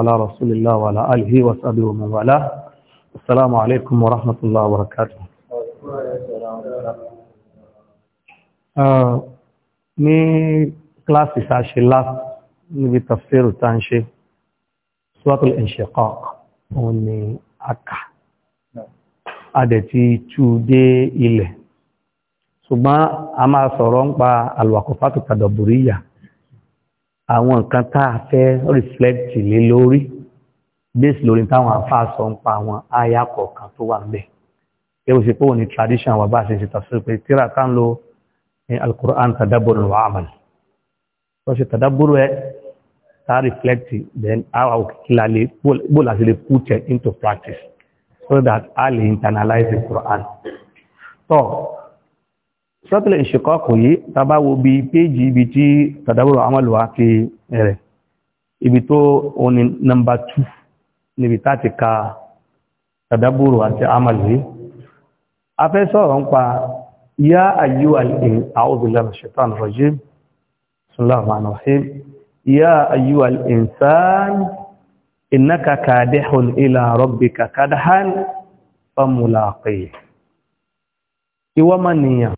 على رسول الله وعلى آله وصحبه ومن والاه السلام عليكم ورحمة الله وبركاته ní kíláàsì sáṣe láti níbi tafsir tá ń ṣe suratul inshiqaq òun ni aka adẹ̀tí tú dé ilẹ̀ ṣùgbọ́n a máa sọ̀rọ̀ ń pa alwakọ̀fàtò tàdàbùríyà àwọn nǹkan tá a fẹ́ reflect lé lórí base lórí táwọn afáàsọ ń pa àwọn àyà kọ̀ọ̀kan tó wà níbẹ̀ yẹ́wò sí pé wọ́n ní tradition wà bá a ṣe ṣe tafsir pé tíra tá ń lo ní eh, al-Qur'an tadabbur wa amal wọ́n ṣe tadabbur ẹ̀ tá reflect then our kílálẹ̀ bóòlù àti lè put it into practice so that a lè internalize the Qur'an. So, sọ́tìlẹ̀ ìṣẹ́kọ́kù yìí tàbá wo bí péjì ibi tí tàdábùrù amọ́lùwà ti rẹ̀ ibi tó oní nọmbà 2 níbi tàti ka tàdábùrù àti amọ́lùwà a fẹ́ sọ̀rọ̀ ń pa yá ayú al'insan innaka kadihun ila rabbika kadhan famulaqi ìwọ́mọ̀ nìyàn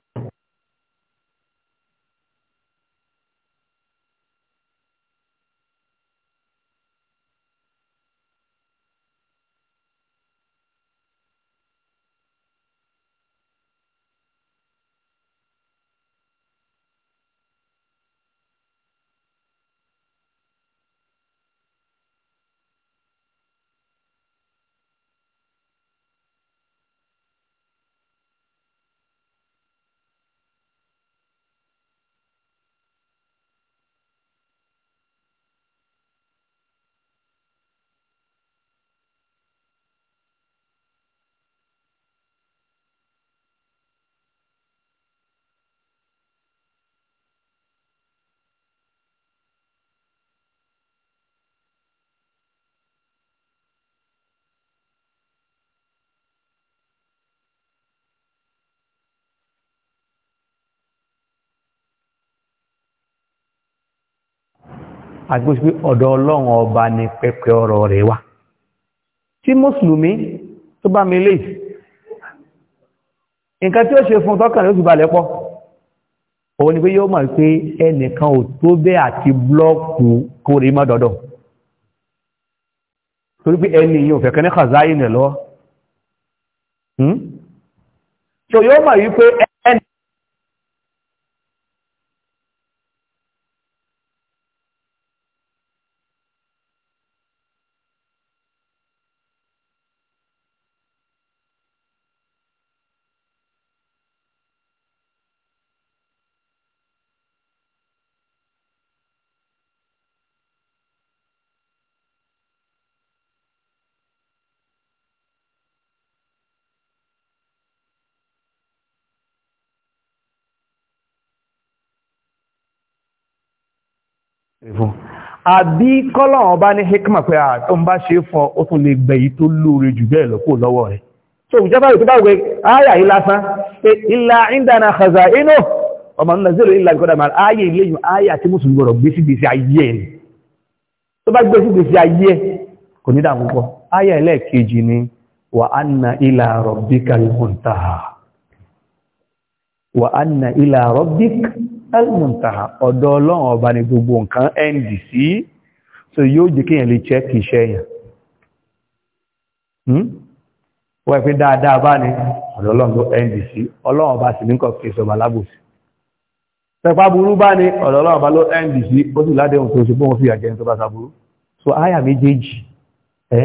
agbésí ọ̀dọ̀ ọlọ́run ọba ni pẹpẹ ọ̀rọ̀ rẹ̀ wá tí mùsùlùmí tó bá mi lè nǹkan tí ó ṣe fún tọ́kàn ló ti balẹ̀ pọ̀ òun ni pé yóò mọ̀ pé ẹnìkan ò tó bẹ́ àti blọ́ọ̀kù kó rí mọ́ torí pé ẹni yìí fẹ́ kẹ́ni kàzáyìn lọ hmm? so yóò mọ̀ wípé fún àbí kọ́lọ̀wọ̀n bá ní hikma pé àtọ́ ah, ń bá ṣe fún ó tún lè gbẹ̀yí tó lóore jù bẹ́ẹ̀ lọ lọ́wọ́ rẹ̀ so ìjọba ìpínlẹ̀ bá wẹ ayà yìí lásán pé ilá ìdána khaza inú ọmọ nínú zero ilá ìkọ́dà máa ayé iléyìn ayà tí mùsùlùmí gbọ́dọ̀ gbé sí gbèsè ayé ẹ̀ tó bá gbé sí gbèsè ayé kò ní dààmú pọ̀ ayà al-muntaha ọ̀dọ̀ ọlọ́run ọba ni gbogbo nǹkan ndc so yóò jẹ́ kíyàn lè check iṣẹ́ yẹn wọ́n pẹ́ dáadáa bá ní ọ̀dọ̀ ọlọ́run ló ndc ọlọ́run ọba sì ní kọ̀ kí ìṣọba lábòsí pẹ̀pá burú bá ní ọ̀dọ̀ ọlọ́run ọba ló ndc ó sì ládéhùn tó ṣe bóun fi àjẹyìn tó bá sa so àyà méjèèjì ẹ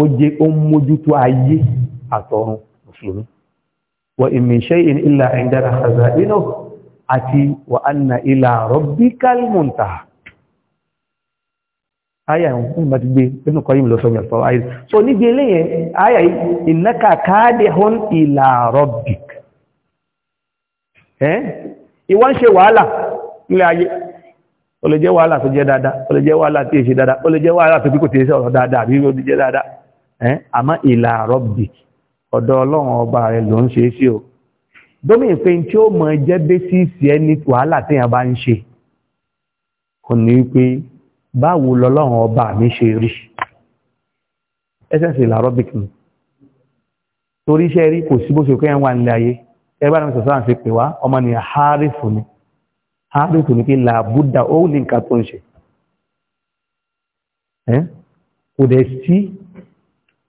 ó jẹ́ ó ń mójútó ayé àtọ̀run mùsùlùmí wa in min shay'in illa 'indana àti wà ánà ilà rabbikal muntaha ayà ìwọ̀n bá ti gbé ẹnu kọ́ yìí lọ sọ́mọ̀ ẹ̀fọ́ ayé so níbi eléyẹn ayà innaka kadihun ilà rabbik ẹ́ ìwọ́n ṣe wàhálà nílẹ̀ ayé ó wàhálà tó jẹ́ dáadáa ó wàhálà tí èṣe dáadáa ó ọba rẹ̀ ló ṣe é sí o domin pé tí ó mọ̀ jẹ́ bẹ́sìsì ẹni wàhálà tí a bá ń ṣe kò ní pé báwo lọ́lọ́run ọba mi ṣe rí ẹsẹ̀sì làrọ́bìk mi torí iṣẹ́ rí kò sí bó ṣe kẹ́yàn wà nílẹ̀ ayé ẹgbẹ́ àwọn sọ̀sọ́ àti pè wá ọmọ ni hárífù ni hárífù ni pé làbúdà ó ní nǹkan tó ń ṣe kò dẹ̀ sí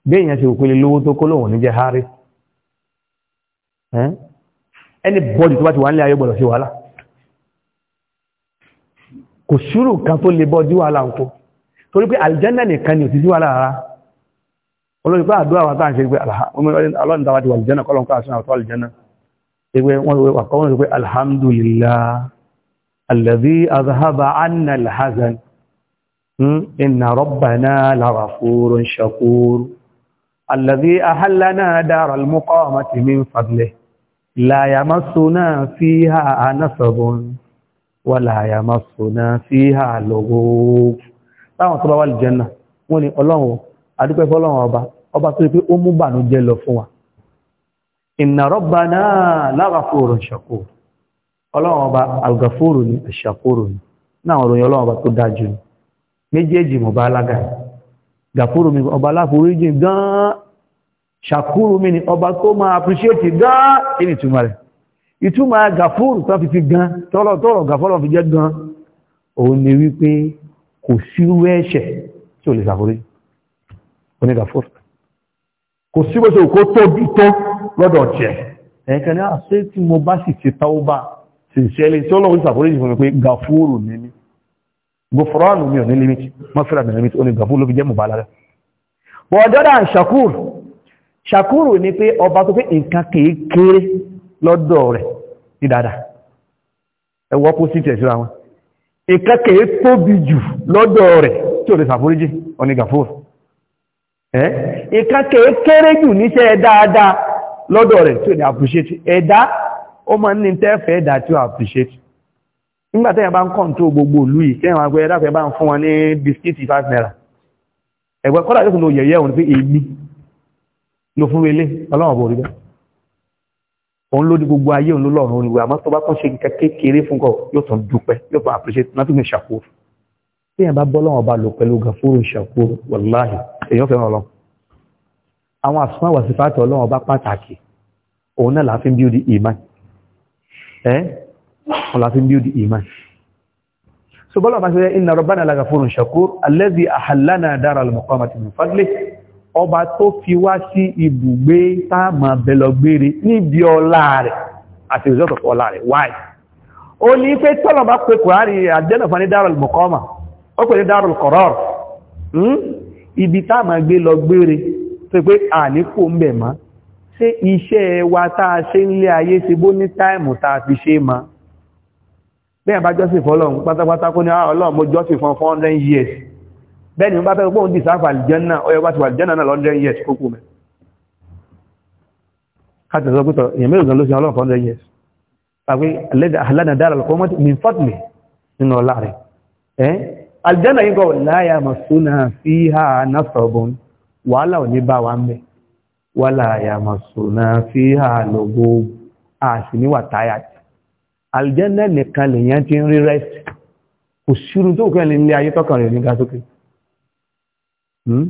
bí èèyàn ṣe òpin lówó tó kó lóhùn ní jẹ́ hárífù ẹni bọ́dì tó bá ti wà nílẹ̀ ayé gbọ́dọ̀ sí wàhálà kò ṣúrù kan tó lè bọ́dí wàhálà ń kó torí pé àlìjẹ́nà nìkan ni ò ti sí wàhálà rárá olóògbé àdúrà wà táà ń ṣe pé alọ́nìdáwà ti wà àlìjẹ́nà kọ́lọ́n káà sínú àwọn àlìjẹ́nà pé wọ́n wà kọ́ لا يمسنا فيها نصب ولا يمسنا فيها لغوب táwọn tó bá wà lìjẹ́nà wọ́n ni ọlọ́run adúpẹ́ fọ́lọ́run ọba ọba tó rí pé ó mú bànú jẹ́ lọ fún wa ọlọ́run ọba ni ni ọba tó dájú ni méjèèjì mọ̀ bá alága ṣàkúrù mi ni ọba tó máa appreciate gan ní ìtumà rẹ̀ ìtumà gàfúrù tó fi fi gan tọ́rọ̀ tọ́rọ̀ gàfọ́rọ̀ fi jẹ́ gan òun ni wípé kò síwú ẹ̀ṣẹ̀ tí ò lè ṣàforí oní gàfúrù kò síwú ẹ̀ṣẹ̀ kó tóbi tó lọ́dọ̀ jẹ́ ẹ̀ẹ́kẹ́ ni a ṣe tí mo bá sì ti tàúbà sincerely tí ọlọ́run ṣàforí jù mi pé gàfúrù ní mi gbòfòránù mi ò ní límítì mọ́fẹ́ràn mi ní límítì ó ní gàfúrù ló fi jẹ́ mọ̀bá lára bọ̀ọ̀dọ́dà ṣàkúrù ṣàkúrò ní pé ọba tó pé nǹkan kìí kéré lọ́dọ̀ rẹ̀ ní dáadáa ẹwọ́ pósítì ẹ̀síra wọn nǹkan kìí tóbi jù lọ́dọ̀ rẹ̀ tí ò lè ṣàforíjì onígàfóòrò ẹ́ nǹkan kìí kéré jù níṣẹ́ dáadáa lọ́dọ̀ rẹ̀ tí ò ní appreciate ẹ̀dá ó máa ń ní tẹ́fẹ́ ẹ̀dá tí ó appreciate nígbà bá ń kọ́ǹtó gbogbo ìlú yìí kẹ́yàn wá pé ẹ̀dá fẹ́ bá ń fún wọn ní bisikíìtì five naira ẹ̀gbẹ́ kọ́dà yóò tún lo yẹ̀yẹ́ òun pé èmi ló fún relé ọlọ́run bò rí bẹ́ẹ̀ òun ló ní gbogbo ayé òun ló lọ́rùn oníwẹ̀ àmọ́ tó bá tún ṣe nǹkan kékeré fún kọ yóò tún dúpẹ́ yóò tún appreciate nothing is ṣàkóso tí èèyàn bá bọ́ lọ́wọ́n bá lò pẹ̀lú gàfúrò ṣàkóso wàláhì èèyàn fẹ́ràn ọlọ́run àwọn àsùnmọ́ àwọn sífàtì ọlọ́run bá pàtàkì òun náà láti ń build iman ẹ́ òun láti ń build iman so bọ́lá bá ṣe inna rabbana la gafurun ọba tó fi wá sí ibùgbé táàmà bẹ̀lọ̀gbére níbi ọlá rẹ̀ àti result of ọlá rẹ̀ why ó ní pé tọ́lọ̀ bá pé kùrárì àjẹ́nàfà ní dárò mọ̀kọ́mà ó pè ní dárò kọ̀rọ̀ hmm? ibi táàmà gbé lọ gbére tó pé à ní kò ń bẹ̀ mọ́ ṣé iṣẹ́ wa tá a ṣe nílé ayé ṣe bó ní táìmù tá fi ṣe mọ́ bẹ́ẹ̀ bá jọ́sìn fọ́lọ́run bẹ́ẹ̀ni wọ́n bá fẹ́ gbóhùn dìsáfà aljanna ọyọ́ bá ti wà aljanna náà lọ́dẹ́ yẹ́ ṣkókò mẹ́ káàkiri sọ pẹ́tọ̀ èyàn mẹ́rin gan ló sin ọlọ́pàá lọ́dẹ́ yẹ́ pàpẹ́ alánàdára lọ́kọ́mọ́ ní fọ́tìlì nínú ọlá rẹ̀ ẹ́ aljanna yìí kọ́ láyà masúnà fíhà nasọ̀bùn wàhálà ò ní bá wa mẹ́ wàláyà masúnà fíhà lọ́gbó nìkan lèyàn ti ń rí rẹ́sì kò sírun tó kẹ́ lè ní ayé tọ́kàn ní gasókè Hmm.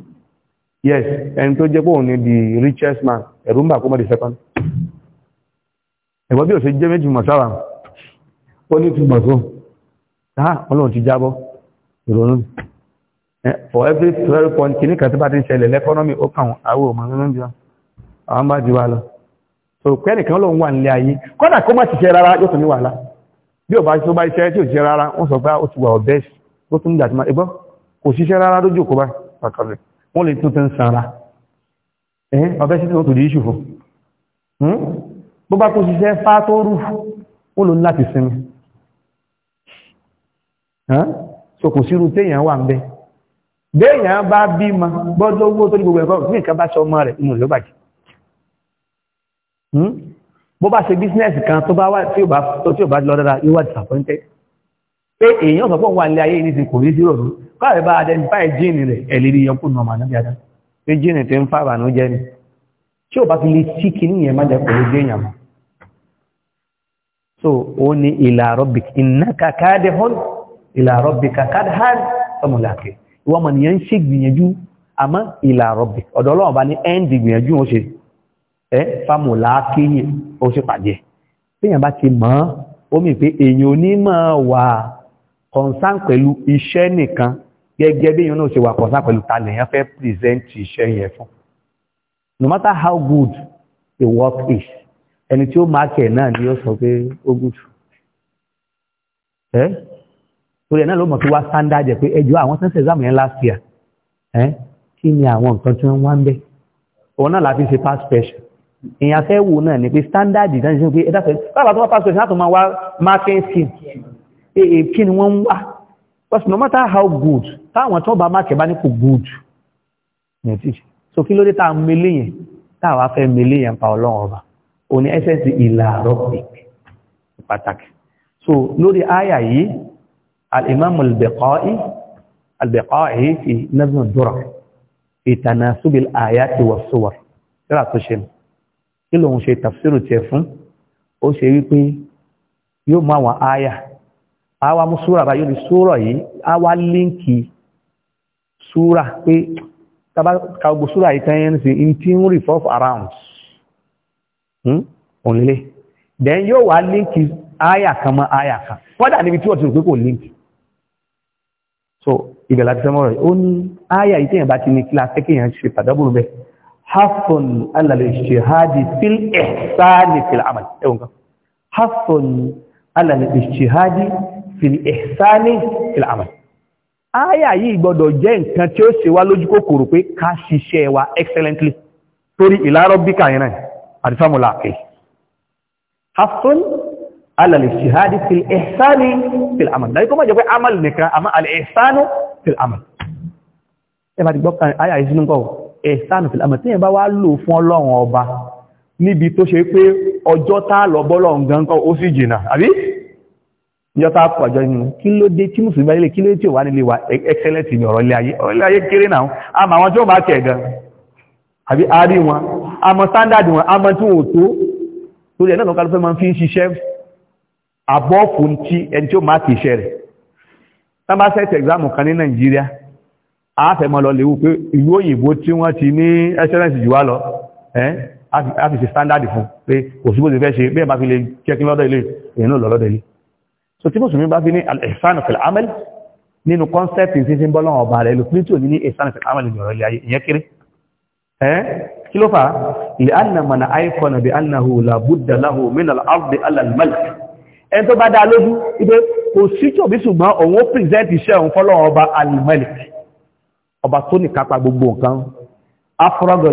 yes ẹni tó jẹ́ pé òun the richest man ẹ̀rù ń bà kó mọ́ the second ẹ̀gbọ́n bí ò ṣe jẹ́ méjì mọ̀ sára ó ní túnbọ̀ tó táà ọlọ́run ti jábọ́ ìrònú for every three point kìíní kan tó bá ti ń ṣẹlẹ̀ lẹ́kọ́nọ́mì ó kàn àwọn ọmọ nínú ìjọ àwọn bá ti wá lọ so pé nìkan lòun wà nílé ayé kọ́dà kó má ṣiṣẹ́ rárá yóò tún ní wàhálà bí ò bá tó bá ṣiṣẹ́ tí ò ṣiṣẹ́ rárá wọ́n sọ pé ah, ó ti wà ọ̀bẹ́ẹ̀sì ó tún dàtí má ẹgbọ́n kò ṣiṣẹ́ rárá lójú òkú báyìí àkàlẹ̀ wọ́n lè tún tẹ́ ń sanra ẹ̀hìn ọ̀bẹ́ sí tó di iṣu fún hmm? bó bá tó ṣiṣẹ́ fá tó rú ó lò láti sinmi so kò sírú téèyàn wà ń bẹ béèyàn bá bímọ gbọ́dọ̀ owó tó ní gbogbo ẹ̀kọ́ ní nǹkan bá ṣe ọmọ rẹ̀ inú ló bàjẹ́ hmm? bó bá ṣe bísínẹ́sì kan tó bá wà tí ò bá lọ pé èèyàn sọ pé wà ní ayé ìníṣẹ́ kò ní sí rọ̀rùn káàrẹ̀ bá identify gene rẹ̀ ẹ̀lérí yọkùn náà màá náà pé gene tí ń fàbà ní jẹ́ ni tí ò bá fi lè tí kì ní ìyẹn má jẹ́ pẹ̀lú ila rabbik innaka kadihun ila rabbika kadhan ọmọlàkẹ́ ìwọ́n mọ̀ ila rabbik ọ̀dọ̀ ọlọ́run bá ní end gbìyànjú ó ṣe ẹ fámùlàkẹ́ ó ṣe pàdé téèyàn bá ti mọ̀ ó pé èèyàn onímọ̀ wà concern pẹ̀lú iṣẹ́ nìkan gẹ́gẹ́ bí yẹn náà ṣe wà concern pẹ̀lú ta lèyàn fẹ́ present iṣẹ́ yẹn fún no matter how good the work is ẹni tí ó máa kẹ̀ náà ni ó sọ pé ó good ẹ́ torí ẹ̀ náà ló mọ̀ pé wá standard ẹ̀ pé ẹjọ́ àwọn sẹ́ńsẹ̀ exam yẹn last year ẹ́ kí ni àwọn nǹkan tí wọ́n wá ń bẹ̀ òun náà láti ṣe pass pressure èèyàn fẹ́ wò náà ni pé standard ìdánisí pé ẹ̀dá fẹ́ bábà tó wá pass pressure láti máa wá marking scheme èèpì ni wọ́n ń wá because no matter how good táwọn tó bá máàkì bá ní kò good so kí ló dé tá a mele yẹn tá a wá fẹ́ mele yẹn pa ọlọ́run ọba ò ní ẹsẹ̀sì ìlàrọ̀ pàtàkì so lórí àyà yìí al-imam al-Biqai al-Biqai fi nazm ad-Durar fi tanasub al-ayati was-suwar kíra tó ṣe nù kí lòun ṣe tafsiru tiẹ̀ fún ó ṣe wípé yóò mú àwọn àyà a wá mú súra báyìí ní súra yìí a wá líǹkì súra pé kàgbò súra yìí tẹ́yẹn ní sí in tí ń revolve around hmm? òǹlẹ̀ then yóò wá líǹkì áyà kan mọ́ áyà kan kọ́dà níbi tí wọ́n ti rò pé kò líǹkì so ìgbẹ̀lá ti fẹ́mọ́ rẹ̀ ó ní áyà yìí tẹ́yẹn bá ti ní kí la fẹ́kẹ̀yàn ṣe pàdábùrù bẹ́ẹ̀ hafun alàlẹ̀ ṣèhádì fil ihsani fil amal ẹ̀wọ̀n kan hafun alàlẹ̀ ṣèhádì fìlì ẹ̀sání ìlàmà áyà yìí gbọdọ̀ jẹ́ nǹkan tí ó ṣe wá lójú kòkòrò pé ká ṣiṣẹ́ wa excellently torí ìlàrọ̀ bí kàyẹ̀rẹ̀ àdìfàmùlà àkè hafsun alàlè ṣìhádì fìlì ẹ̀sání ìlàmà dájú kó má jẹ́ pé amal nìkan àmà àlè ẹ̀sánú ìlàmà ẹ bá ti gbọ́ kan yìí sínú kọ́ ẹ̀sánú ìlàmà yọta pọ̀jọ́ inú kí ló dé tí mùsùlùmí ayé lè kí ló tí ò wá nílé wa e, excellent ní ọ̀rọ̀ ilé ayé ọ̀rọ̀ ilé ayé kéré náà a ma wọn tí ó máa kẹ̀ gan àbí a rí wọn a mọ standard wọn a mọ tí wọn ò tó lórí ẹ̀ náà lọ́kàlù fẹ́ máa fi ń ṣiṣẹ́ àbọ́ọ̀fù tí ẹni tí ó máa kìíṣẹ́ rẹ̀ tán bá set exam kan ní Nàìjíríà a fẹ́ so tí mùsùlùmí bá fi ní al-ihsan fil amal nínú kọ́nsẹ́pì sí sí bọ́lọ́wọ́ ọba rẹ̀ lùpín tí ò ní ní ihsan fil amal ìjọ̀rọ̀ ilé ayé ìyẹn kéré ẹ́ kí ló fà lè anna mana aikọna bí annahu la budda lahu min ardi al-malik gbogbo nǹkan afraga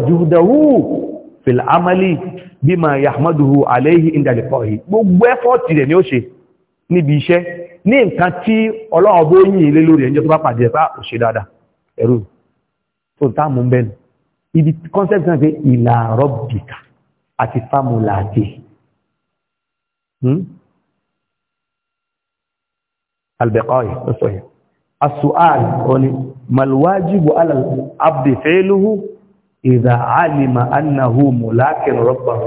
ni ó ṣe níbi iṣẹ́ ní nǹkan tí ọlọ́run bó yìn ilé lórí ẹjọ́ tó bá pàdé ẹ̀pá òṣè ah, dáadáa ẹ̀rù tó táàmù ń bẹ́nu ibi concept náà pé ìlà rọ́bìkà àti fámùlà àti hmm? albẹ̀kọ́yì ló sọ yẹn asu'al oni malwajibu ala abdi annahu mulakin rabbahu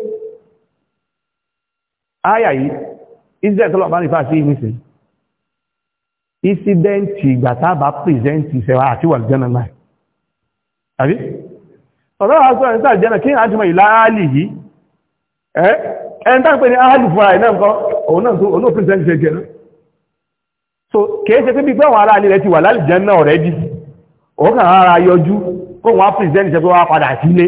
áyà yìí incident ọlọ́pàá nípa sí ìmísìn incident ìgbà tá a bá present ìṣẹ̀wà àti wà lùjẹ́nà náà àbí ọ̀rọ̀ àwọn sọ̀rọ̀ nípa ìjẹ́nà kí á jùmọ̀ ìlà áàlì yìí ẹ́ ẹni táà pé ní áàlì fún ara ìnáà nǹkan jẹ́nà so kìí ṣe pé bí pé àwọn already òun kàn ara yọjú kó wọn á present ìṣẹ̀ pé wọ́n á padà sílé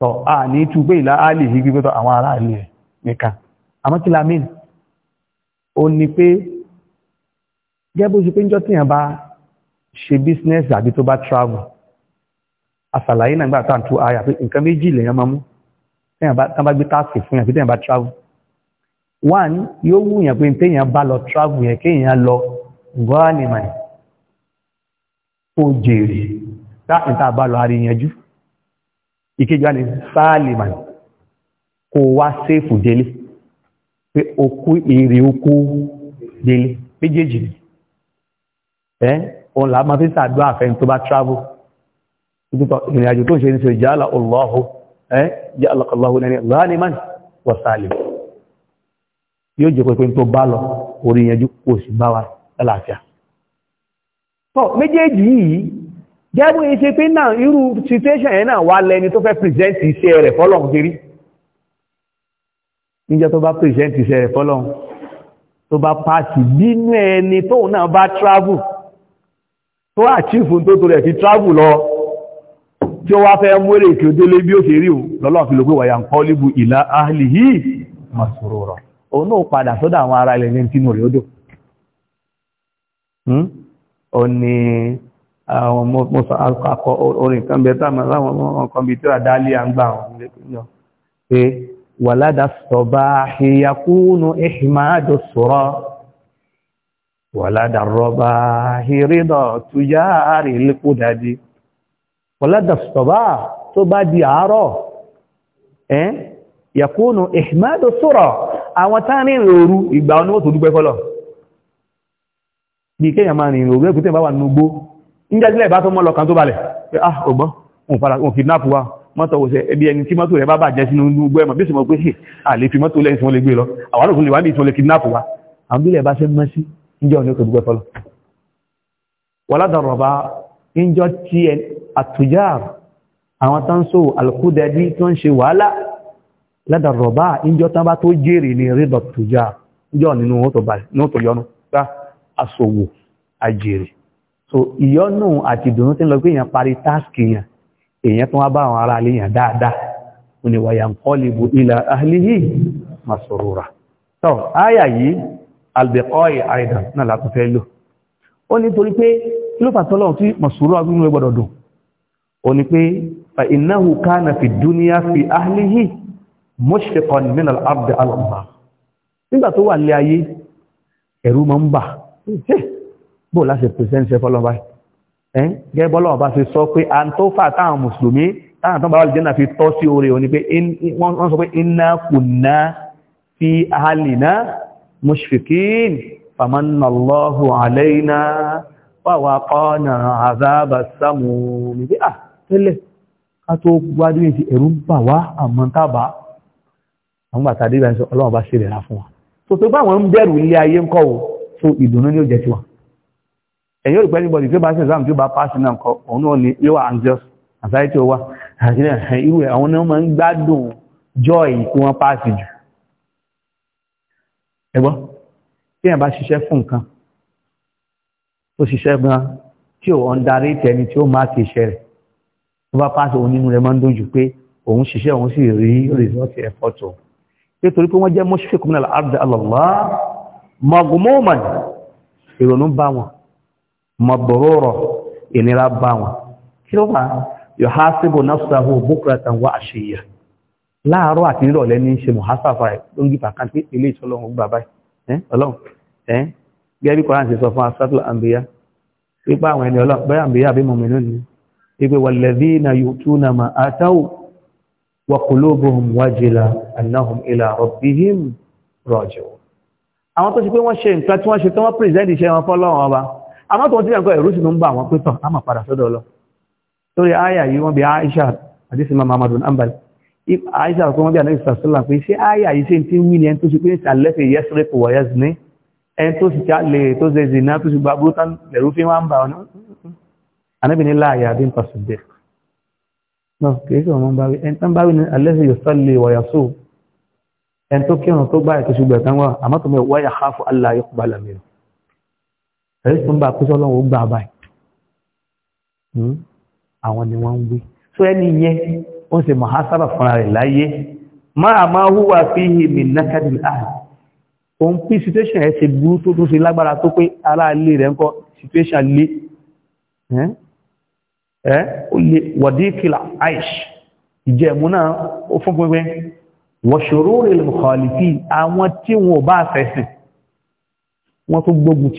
tọ́ a ní tú pé ìlà áàlì yìí tọ́ àwọn ará ilẹ̀ nìkan àmọ́ kí la mean ó ní pé gẹ́gbó ṣe pé ń jọ tí yàn bá ṣe business àbí tó bá travel àṣàlàyé náà gbà tán tó ayà pé nǹkan méjì lèèyàn máa mú tẹ́yàn bá gbé táàsì fún yàn pé tẹ́yàn bá travel one yóò wù yàn pé tẹ́yàn bá lọ travel yẹn kéèyàn lọ gbọ́ra nìmọ̀ yẹn kó jèrè táà ń a bá lọ àríyànjú ìkejì wà ní sáàlì mọ̀ yẹn kó wá séèfù délé pé okú èrè okú délé méjèèjì ni ẹ òun làá máa fi sàdúrà àfẹn tó bá travel ìrìn àjò tó ń ṣe ní sọ ìjàlá ọlọ́hù ẹ jàlá ọlọ́hù lẹ́ni lánìmán wọ̀sálẹ̀ yóò jẹ́ pẹ́pẹ́ tó bá lọ orí yẹnjú kò sí bá wa lálàáfíà tọ́ méjèèjì yìí jẹ́bú iṣẹ́ pé náà irú situation yẹn náà wà lẹ́ni tó fẹ́ present iṣẹ́ rẹ̀ fọ́lọ́hùn kiri níjọ́ tó bá pèsèntì sẹ̀rẹ̀ fọ́lọ́n tó bá pàtì bínú ẹni tóun náà bá travel tó àchífù tó tó rẹ̀ fi travel lọ tí ó wá fẹ́ múrè kí ó délé bí ó ṣe rí lọ́lọ́n fi ló pé wàyà ń kọ́ líbu ìlà ahìlìhì masòrò rọ̀ òun náà padà sọ́dọ̀ ولدى الصباح يكون إحماد الصرا، ولدى الرباح رضا تجار القدد ولدى الصباح تبا عرا، eh? يكون إحماد السرى àwọn tán ní ìròrú ìgbà ọ̀nà ó tó dúpẹ́ fọ́lọ̀ bí kéèyàn máa rìn ìròrú ẹ̀kùtẹ́ bá wà nùgbó ń jẹ́ sílẹ̀ bá tó mọ́ lọ kan tó balẹ̀ pé ah ògbọ́n òun kìdnápù wa mọ́tò wòsẹ̀ ẹbí ẹni tí mọ́tò rẹ̀ bá bàjẹ́ sínú gbogbo ẹmọ̀ bí sì mọ́ pé ṣe àlè fi mọ́tò lẹ́yìn tí wọ́n lè gbé lọ àwọn lè wá ní ìtún lè kidnap wa àwọn bílẹ̀ bá ṣe mọ́ sí ìjọ ní òkèdúgbẹ́ fọlọ́ wà ládọ̀rọ̀ bá ìjọ tí ẹ àtújá àwọn tán so alkúdẹbí tó ń ṣe wàhálà ládọ̀rọ̀ bá so ìyọnu àti ìdùnnú tí ń lọ pé èèyàn parí táàkì yẹn èèyàn tó wá bá àwọn ará aléyàn dáadáa ó ní wàyà ń kọ́lìbù ilà ahìlìhì masurura tọ́ áyà yìí albẹ̀kọ́ì àìdàn náà látún fẹ́ lò ó ní torí pé kí ló fàtọ́lọ́ tí masurura gbínú ẹ dùn ó ní pé fa gẹ́gẹ́ bọ́lá ọba ṣe sọ pé a tó fà táwọn mùsùlùmí táwọn tó bá wà lè jẹ́nà fi tọ́ sí oore òní pé wọ́n sọ pé inna kunna fi ahlina mushfiqin famanallahu alaina wa waqana azaba samum ní pé à ah, tẹ́lẹ̀ ká tó gbádùn ìsì ẹ̀rù bà wá àmọ́ tábà àwọn bàtà dé ìbáyìí sọ ọlọ́run ẹ̀yọ́ ìpẹ́ anybody tí ó bá ṣe exam tí ó bá pass náà kọ òun náà ni yóò wà anxious anxiety wà irú ẹ̀ àwọn náà máa ń gbádùn joy tí wọ́n pass jù ẹgbọ́ tí èèyàn bá ṣiṣẹ́ fún nǹkan tó ṣiṣẹ́ gan tí ò underrate ẹni tí ó máa ti ṣe rẹ̀ tó bá pass òun nínú rẹ̀ máa ń dojú pé òun ṣiṣẹ́ òun sì rí result effort o pé torí pé wọ́n jẹ́ mọ́ṣífẹ́ kọ́mínà àbdà àlọ́lá mọ̀gùnmọ́ọ̀mọ̀ ìrònú bá wọn mọ̀bọ̀rọ̀rọ̀ ìnira bá wọn kí ló bá yọ ha síbò náfṣàhù búkúrátà wà àṣeyà láàárọ̀ àti nírọ̀lẹ́ ní ṣe mọ̀hásáfà ẹ̀ ló ń gbà kan pé ilé ìṣọ́lọ́run gbà báyìí ọlọ́run ẹ̀ gẹ́gẹ́ bí kọ́ra ṣe sọ fún asátúlọ̀ àǹbíyá pípa àwọn ẹni ọlọ́run bẹ́ẹ̀ àǹbíyá àbí mọ̀mí lónìí pípé wàlẹ́bí na yóò tún na mà átáwù wà kùlóbùhùn wájìlá anáhùn ilà rọ̀bíhìm rọ̀jọ̀ àwọn tó ṣe pé wọ́n ṣe nǹkan tí wọ́n ṣe tí wọ́n pèsè àmọ́ tó ti rẹ̀ nǹkan ẹ̀rú sì ló ń bá àwọn pé tàn á mà padà sọ́dọ̀ lọ lórí àyà yìí wọ́n bí Aisha àdísì máa Muhammadu ambali Aisha kó wọ́n bí ànábì sàṣọ́là pé ṣé àyà yìí ṣe ń ti wí ni ẹni tó ṣe pé ń ṣàlẹ́fẹ̀ yẹ́sẹ̀rẹ́ kò wọ̀yẹ́ ní ẹni tó ṣe lè tó ṣe zina tó ṣe gba brútán lẹ̀rú fi wá ń bá ọ̀nà ànábì ní láàyà bí nǹkan ṣe ẹ̀rí tó ń bá pẹ́sọ́ lọ́wọ́ gbà báyìí hmm? àwọn ni wọ́n ń wí so ẹni yẹn ó sì mọ̀ hásábà fúnra rẹ̀ láyé máa máa húwà fi hìmì nákàdì ààrẹ òun pí situation ẹ̀ ṣe burú tó tó ṣe lágbára tó pé ará ilé rẹ̀ ń kọ́ situation lé ẹ́ hmm? eh? ó lè wọ̀dí kìlà aish ìjẹ́ ìmú náà ó fún pínpín wọ̀ṣòro rẹ̀ lè mọ̀kànlì tí àwọn tí wọn ò bá fẹ̀sìn wọ́n tó gbógun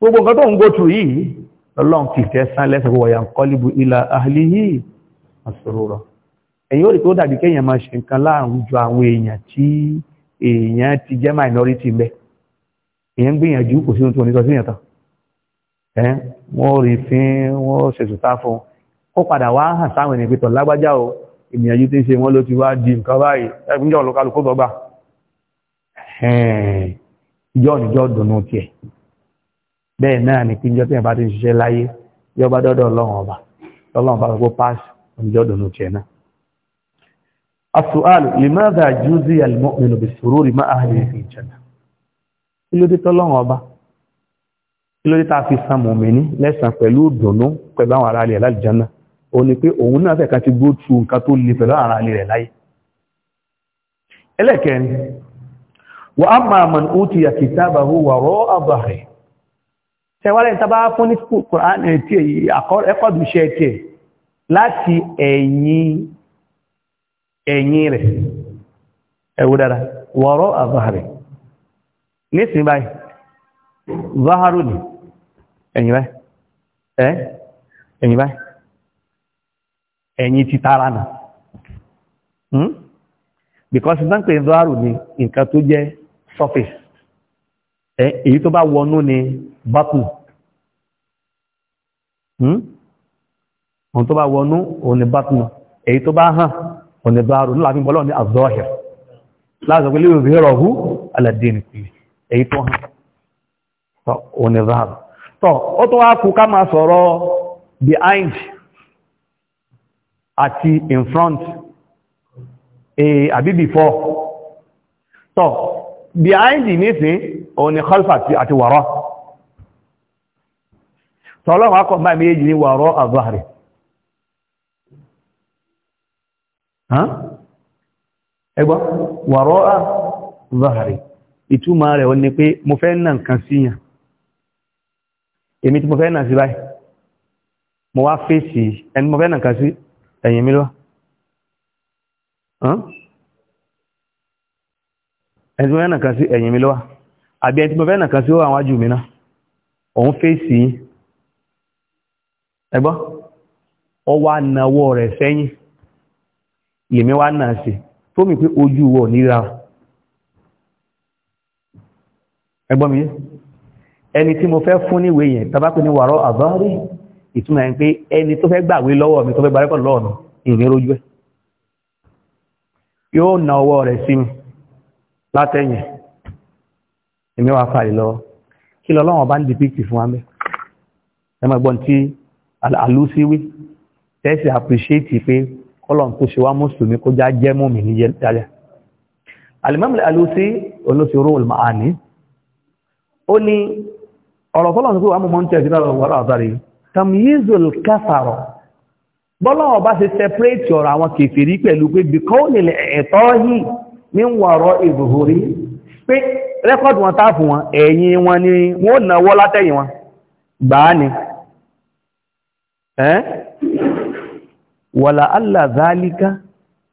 gbogbo nǹkan tó ń go through yìí lọ́lọ́run ti fẹ́ sán lẹ́sẹ̀ wọ̀yà ń kọ́líbu ilà ahlihi masrura ẹ̀yìn ó rí pé ó dàbí kéèyàn máa ṣe nǹkan láàrùn ju àwọn èèyàn tí èèyàn ti jẹ́ minority ń bẹ èèyàn ń gbìyànjú kò sí ohun tó ní sọ sí ìyàtọ̀ ẹ wọ́n rí fín wọ́n ṣètùtà fún ó padà wá hàn sáwọn ènìyàn pẹ̀tọ̀ lágbájá o ìgbìyànjú tí ń ṣe wọ́n ló ti wá di nǹkan báyìí ẹgbẹ́ ìjọ ọ̀lọ́kàlù kó dọ́gba ìjọ ìjọ dùnú tiẹ̀ bẹ́ẹ̀ náà ni kíjọ́ tí ìbá ti ń ṣiṣẹ́ láyé yọba dọ́dọ̀ ọlọ́run ọba ọlọ́run bá gbogbo pass ọjọ́ dùnú tiẹ̀ náà. asual limadha juzi almu'minu bisururi ma ahli fi janna kí ló dé tọ́lọ́run ọba kí ló dé tá a fi san mọ̀mìnì lẹ́sàn pẹ̀lú dùnú pẹ̀lú àwọn ará rẹ̀ lálìjánná ó ní pé òun náà fẹ́ ti gbó tu nǹkan tó le pẹ̀lú ará rẹ̀ láyé. ẹlẹ́kẹ̀rin wa amma man utiya kitabahu wara'a dhahrihi tẹwàrẹ̀ tàbá fún ní eh, tí ẹ̀kọ́dù láti ẹ̀yìn rẹ̀ ẹ̀wù ewudara wọrọ àzọ́hàrẹ̀ nísìn báyìí zọ́hàrù ní ẹ̀yìn báyìí ẹ̀yìn ti tara nà hmm? because ìdán pé ní nǹkan tó jẹ́ surface èyí tó bá wọnú ni bátù hmm? ohun tó bá wọnú òun ni bátù èyí tó bá hàn òun ni báàrù ní láàfin bọ́lọ́ ní àzọ́ọ̀hẹ̀ láàzọ̀ pé lè rí rọ̀ hú alàdínì pé èyí tó hàn òun ni in front àbí before tọ́ behind nísìn òun ni khalfa àti wàrọ́ tọ́lọ́wọ́ akọ̀ bá méjì ní wàrọ́ ẹgbọ́ wàrọ́ ìtumà rẹ̀ wọ́n ni pé mo fẹ́ nà nǹkan síyàn èmi tí mo fẹ́ nà sí báyìí mo wá fèsì ẹni mo fẹ́ nà nǹkan sí ẹ̀yìn ẹgbọ́ ọ wá náwọ́ rẹ̀ sẹ́yìn lèmi wá náà sí tó mi pé ojú wọ̀ níra ẹgbọ́ mi ẹni tí mo fẹ́ fún níwé yẹn tàbá pé ní wàrọ́ àbárí ìtumọ̀ ẹ̀ pé ẹni tó fẹ́ gbàwé lọ́wọ́ mi tó fẹ́ gbàrẹ́kọ̀ lọ́ọ̀nà ìrìn rojú ẹ̀ yóò na ọwọ́ rẹ̀ sí mi látẹ̀yìn èmi wà fàrí lọ́wọ́ kí lọ́lọ́wọ́ bá ń dìpíkì fún wa mẹ́ ẹ máa gbọ́n tí àlùsíwí tẹ́sí appreciate pé kọ́lọ̀n tó ṣe wá mùsùlùmí kó já jẹ́ mùmí ní jẹ́lẹ̀ alimami alusi olóṣèrò olùmọ̀ánì ó ní ọ̀rọ̀ tọ́lọ̀ ní pé wàá mú mọ́ntẹ́ ìjọba wọ́rọ̀ àbárí tamyizul kafaro bọ́lọ́wọ́ bá ṣe separate ọ̀rọ̀ àwọn kèfèrí pẹ̀lú pé bìkọ́ nílẹ̀ ẹ̀tọ́ yìí ní wọ̀rọ̀ ìbòhórí pé rẹ́kọ̀dù wọn táàfù wọn ẹ̀yìn wọn ni wọ́n náwó látẹ̀yìn wọn gbàá ni ẹ́ eh? wàlà aláàzálíká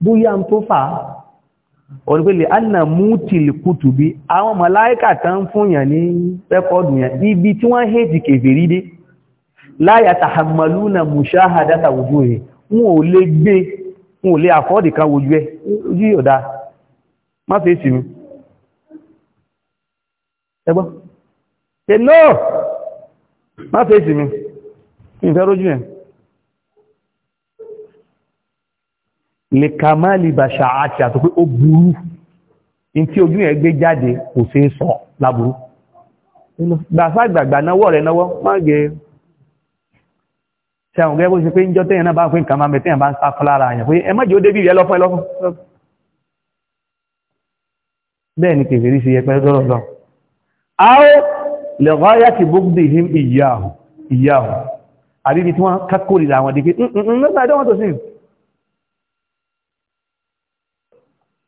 bóyá ń tó fà orí pé lè anà mútìlì kùtù bí àwọn màláíkà tán fúnyàn ní rẹ́kọ́dù yẹn ibi tí wọ́n hẹ́jì kèfèrí dé láyà tàhàmàlú na mùsáhàdátà ojú rẹ̀ wọn ò lè gbé wọn ò lè àfọ́dì kan ojú ẹ ojú yọ̀dá má fẹ́ sí mi ẹgbọ́ ṣe lè ka máa lè bà ṣàáṣì àti pé ó burú in tí ojú ẹ̀ gbé jáde kò ṣe é sọ láburú gbàfà gbàgbà náwọ́ rẹ̀ náwọ́ máa gẹ ṣe àwọn gẹ́gẹ́ bó ṣe pé ń jọ tẹ́yìn náà bá ń pín nǹkan máa mẹ́ tẹ́yìn bá ń sá fún lára àyàn pé ẹ má jẹ́ ó débì rẹ̀ lọ́fọ́ ẹlọ́fọ́ bẹ́ẹ̀ ni kèfè rí sí ẹpẹ́ tọ́rọ lọ áó lè rọ́yà ti ìyáhùn àbíbi tí wọ́n kákòrìlà àwọn dìgbé nǹkan I don't want to see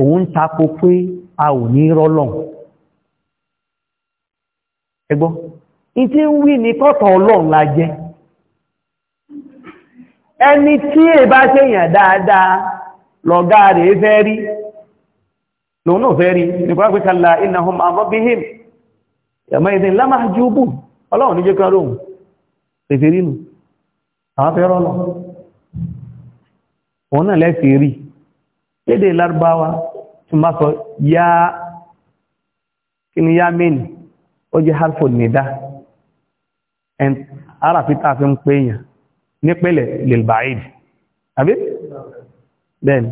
òun tako pé a ò ní rọ́lọ́n ẹgbọ́ ìtí ń wí ní tọ́tọ̀ ọlọ́run la jẹ́ ẹni tí è bá ṣèyàn dáadáa lọ rẹ̀ fẹ́ rí lòun náà fẹ́ rí nípa pé kàlà innahum àmọ́bíhìm yàmọ́ ìdín lámàájúbù ọlọ́run ní jẹ́ kan lóhun fèfèrínú àwọn fẹ́ rọ́lọ́ òun lédè lárúbáwá tí ma sọ yá kí ni yá mẹ́ni ó jẹ́ harford nìdá ara fi tàà fi ń pè èèyàn nípẹ̀lẹ̀ lilbaid àbí bẹ́ẹ̀ni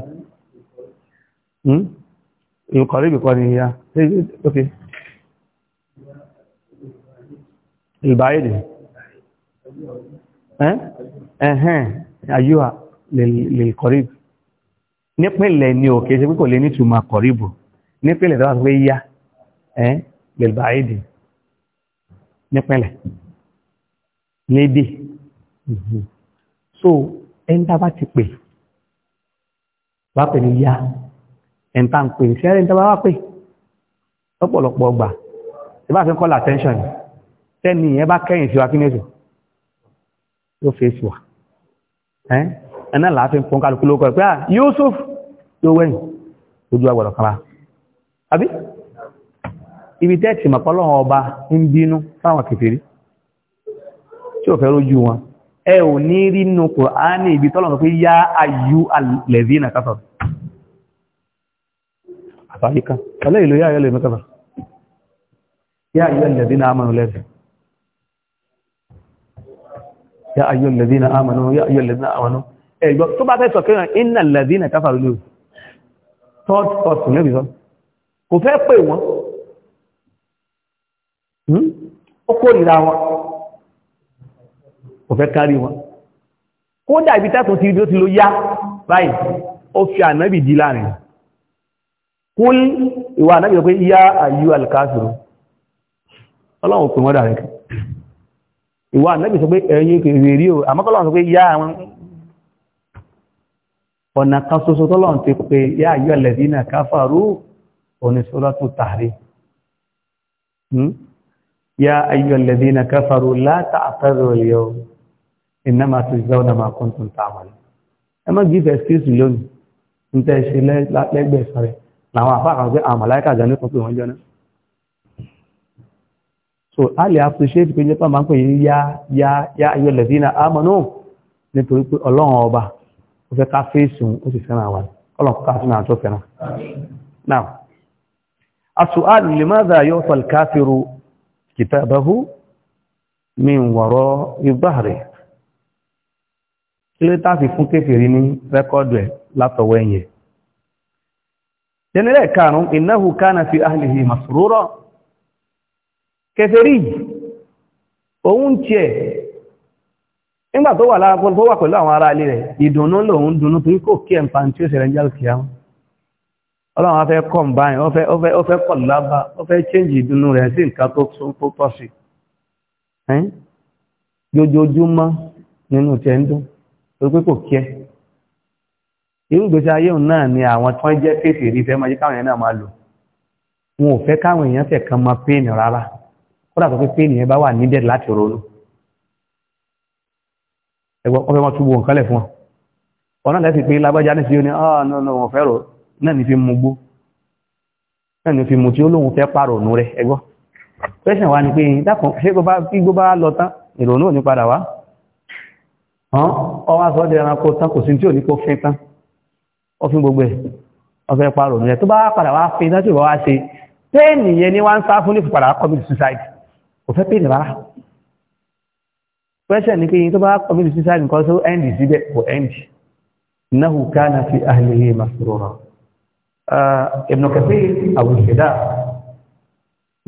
ìkọ̀rí hmm? ìbìkọ́ ni yá ok lilbaid eh? ẹ̀hẹ́n ayúwà lilkọ̀rí ìbìkọ́ nípìnlẹ̀ ni òkè ṣe pé kò lè ní túnmà kọ̀ríbù nípìnlẹ̀ tó wà pé yá ẹ́ lèlbà èdè nípìnlẹ̀ lédè mhm. so ẹ̀ńtà bá ti pè wá pè ní yá ẹ̀ńtà ń pè ṣẹ́rẹ́ ẹ̀ńtà bá wá pè lọ́pọ̀lọpọ̀ ọgbà ìbá fi ń kọ́ l'attention tẹ́ni ẹ bá kẹ́yìn sí wa kí ní ètò yóò fèsì wa ẹ́ ẹ̀nà láàfin fún kálukú ló kọ̀ pé à Yusuf yóò wẹ̀yìn ojú agbọ̀dọ̀ kan àbí ibi tẹ́ẹ̀tì mọ̀pọ́lọ́wọ́ ọba ń bínú fáwọn kèfèrí tí ò fẹ́ rójú wọn ẹ ò ní rí nínú Kùránì ibi tọ́lọ̀ pé yá ayú alẹ́bí nà kásọ̀ àbáyíká ọlẹ́ ìlú yá ayọ́lẹ̀ mẹ́kàfà yá ayú alẹ́bí nà ámànù lẹ́bí yá ayú alẹ́bí nà ámànù yá ẹ̀gbọ́ tó bá fẹ́ sọ kẹrìn iná lẹ́dí nà káfà lórí third person níbi sọ kò fẹ́ pè wọ́n hmm? ó kórìíra wọn kò fẹ́ kárí wọn kódà ibi tẹ́sùn ti rí ó ti ló yá báyìí ó fi ànábì di láàrin kúl ìwà ànábì pé yá àyú alkásìrò ọlọ́run pè wọ́n dà rẹ̀ ìwà ànábì sọ pé ẹ̀yìn kèrè rí o àmọ́kọ́lọ́run sọ pé yá àwọn ọ̀nà kan ṣoṣo tọ́lọ́run ti pé yá ayọ́ alladhina káfàrú òní suratu Tahrim hmm? yá ayọ́ alladhina káfàrú la ta'tadhiru al-yawm innama tujzawna ma kuntum ta'malun ẹ má give excuse lónìí ń tẹ́ ṣe lẹ́gbẹ̀ẹ́ sọ̀rẹ̀ so a lè appreciate pé jẹ́ pàmà ń pè yí yá yá ayọ́ alladhina amanu nítorí pé ọlọ́run ọba ó fẹ́ ká fèsùn ó sì fẹ́ràn wa ọlọ́run kọ́kọ́ àti náà tó fẹ́ràn. now asu'al limadha yu'ta al-kafiru kitabahu min wara'i dhahri kí ló tàfi fún kéfèrí ní rẹ́kọ́dù ẹ̀ látọwọ́ ẹ̀yẹ jẹ́nìrẹ́ karùn-ún innahu kana fi ahlihi masrura kéfèrí òun tiẹ̀ nígbà tó wà lára pọ̀lú wà pẹ̀lú àwọn ará ilé rẹ̀ ìdùnnú lòun dùnnú torí kò kí ẹ̀mpa tí ó ṣẹlẹ̀ jálù kìá ọlọ́run afẹ́ combine ó fẹ́ kọ̀ lábá ó fẹ́ change ìdùnnú rẹ̀ sí nǹkan tó tọ́ sí jojoojúmọ́ nínú tẹ́ ń dún torí pé kò kí ẹ irú gbèsè ayé náà ni àwọn tó ń jẹ́ fèsì rí fẹ́ máa jẹ́ káwọn èèyàn náà máa lò wọn ò fẹ́ káwọn èèyàn fẹ̀ ẹgbọ́n ọfẹ́ wọn túbò nǹkan lẹ̀ fún wọn ọ̀nà lẹ́fi pé lágbájá ní sí ó ní ọ̀nà ah, wọn fẹ́rọ náà ní fi mú gbó náà ní fi mú tí ó lóun fẹ́ pààrọ̀ ònú rẹ̀ ẹgbọ́n pẹ́sẹ̀ wa ni pé dákùn ṣé gbogbo bá lọ tán ìrònú òní padà wá ọwọ́ aṣọ ọdẹ ẹranko tán kò sí tí ò ní kó fín tán ọfín gbogbo ẹ̀ ọfẹ́ pààrọ̀ ònú rẹ̀ tó bá padà wá fín tán tí ò bá wá ṣe pé nìyẹn ni wọ́n ń sá fún ní padà commit suicide فشان نكاي تو با قمي سي سان كو سو اندي انه كان في اهله مسرورا ابن كثير أو الفداء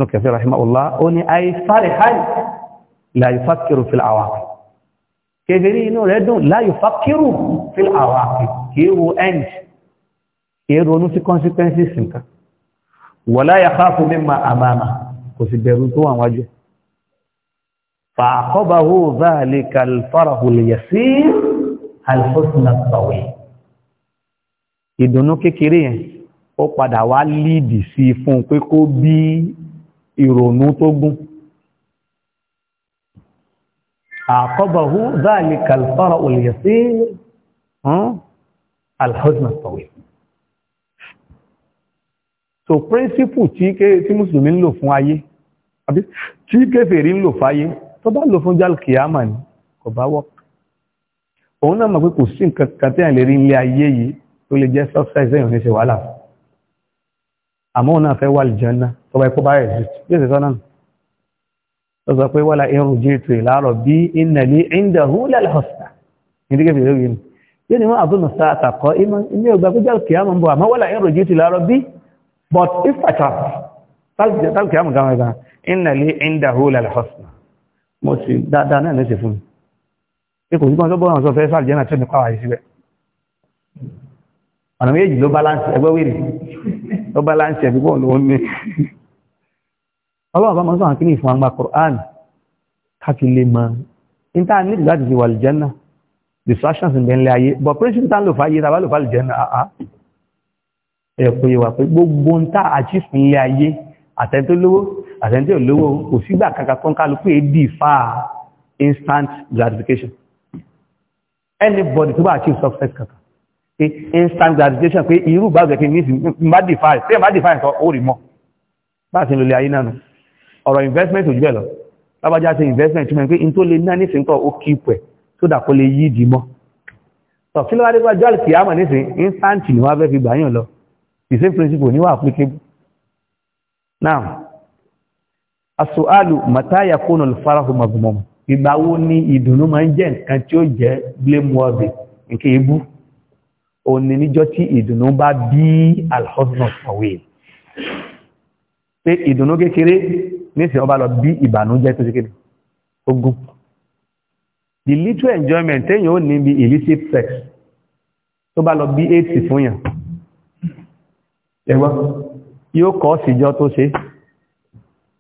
ابن كثير رحمه الله اوني اي صالحا لا يفكر في العواقب كيف نو لا يفكر في العواقب كيو انت كيو نو سي كونسيكونسيس ولا يخاف مما امامه كوسي بيرو ان واجو فأعقبه ذلك الفرح اليسير الحسن الطويل ìdùnnú kékeré yẹn ó padà wá líìdì sí fún pé kó bí ìrònú tó gún àkọ́bàhú záàlì kàlfàrà olùyẹ̀sí alhusna tọ̀wẹ̀ so principle tí mùsùlùmí ń lò fún ayé tí kèfèrí ń lò fáyé tó bá lò fún jálùkì àmà ní kò bá wọ́k òun náà mọ̀ pé kò sí nǹkan kan tí à lè rí ilé ayé yìí tó lè jẹ́ success èèyàn ní ṣe wàhálà àmọ́ òun náà fẹ́ wà lìjọ́nà tó bá ikú bá rẹ̀ jù yóò ṣe sọ́nà ó sọ pé wàhálà irun jí ètò ìlàárọ̀ bí iná ní ìndà húlẹ̀ lọ́sà ní dígẹ́ fèrè rí ni yóò ní wọn àbúrò sa àtàkọ́ ilé ọgbà pé jálùkì àmà ń bọ̀ àmọ́ wàhálà irun jí ètò ìlàárọ̀ bí but if I travel tálùkì àmà gan-an inna li indahu lal husna mo sì dáadáa náà lẹ́sẹ̀ fún mi kò sí gbọ́n tó bọ́ràn sọ fẹ́ sáàlì jẹ́nà tó ní pàwàá ìsíbẹ̀ ọ̀nà méjì ló balance ẹgbẹ́ wèrè ló balance ẹ̀bí bọ́ọ̀ ló ń ní ọlọ́ọ̀bá Qur'an káfí lè mọ́ ní tá a ní láti fi wà lìjẹ́nà distractions ń bẹ́ńlẹ̀ ayé but principle tá ń lò fáyé tá a bá lò fà lìjẹ́nà àá àtẹ́ntí olówó kò sígbà kankan kálukú èdè fa instant gratification anybody tó bá achieve success kankan pé instant gratification pé irú bá gẹ̀kẹ́ ní ìbá define tí ìbá define sọ ó rí mọ́ bá sí lórí ayé náà ọ̀rọ̀ investment òjú ẹ̀ lọ investment túnmọ̀ pé in tó lè náà nísìn kọ́ ó keep ẹ̀ tó dà kó lè yí instant ni wọ́n fẹ́ principle ni wọ́n now asualu mata yakunu alfarahu mazmum ìgbà wo ni ìdùnnú máa ń jẹ́ nǹkan tí ó jẹ́ blameworthy nke ibu òní níjọ́ tí ìdùnnú bá bí alhosnus ọ̀wé pé ìdùnnú kékeré nísìn ọba lọ bí ìbànújẹ́ tó kékeré ogun the little enjoyment téèyàn ó ní bí illicit sex tó bá lọ bí aids fún yàn ẹgbọ́n yóò kọ́ síjọ́ tó ṣe é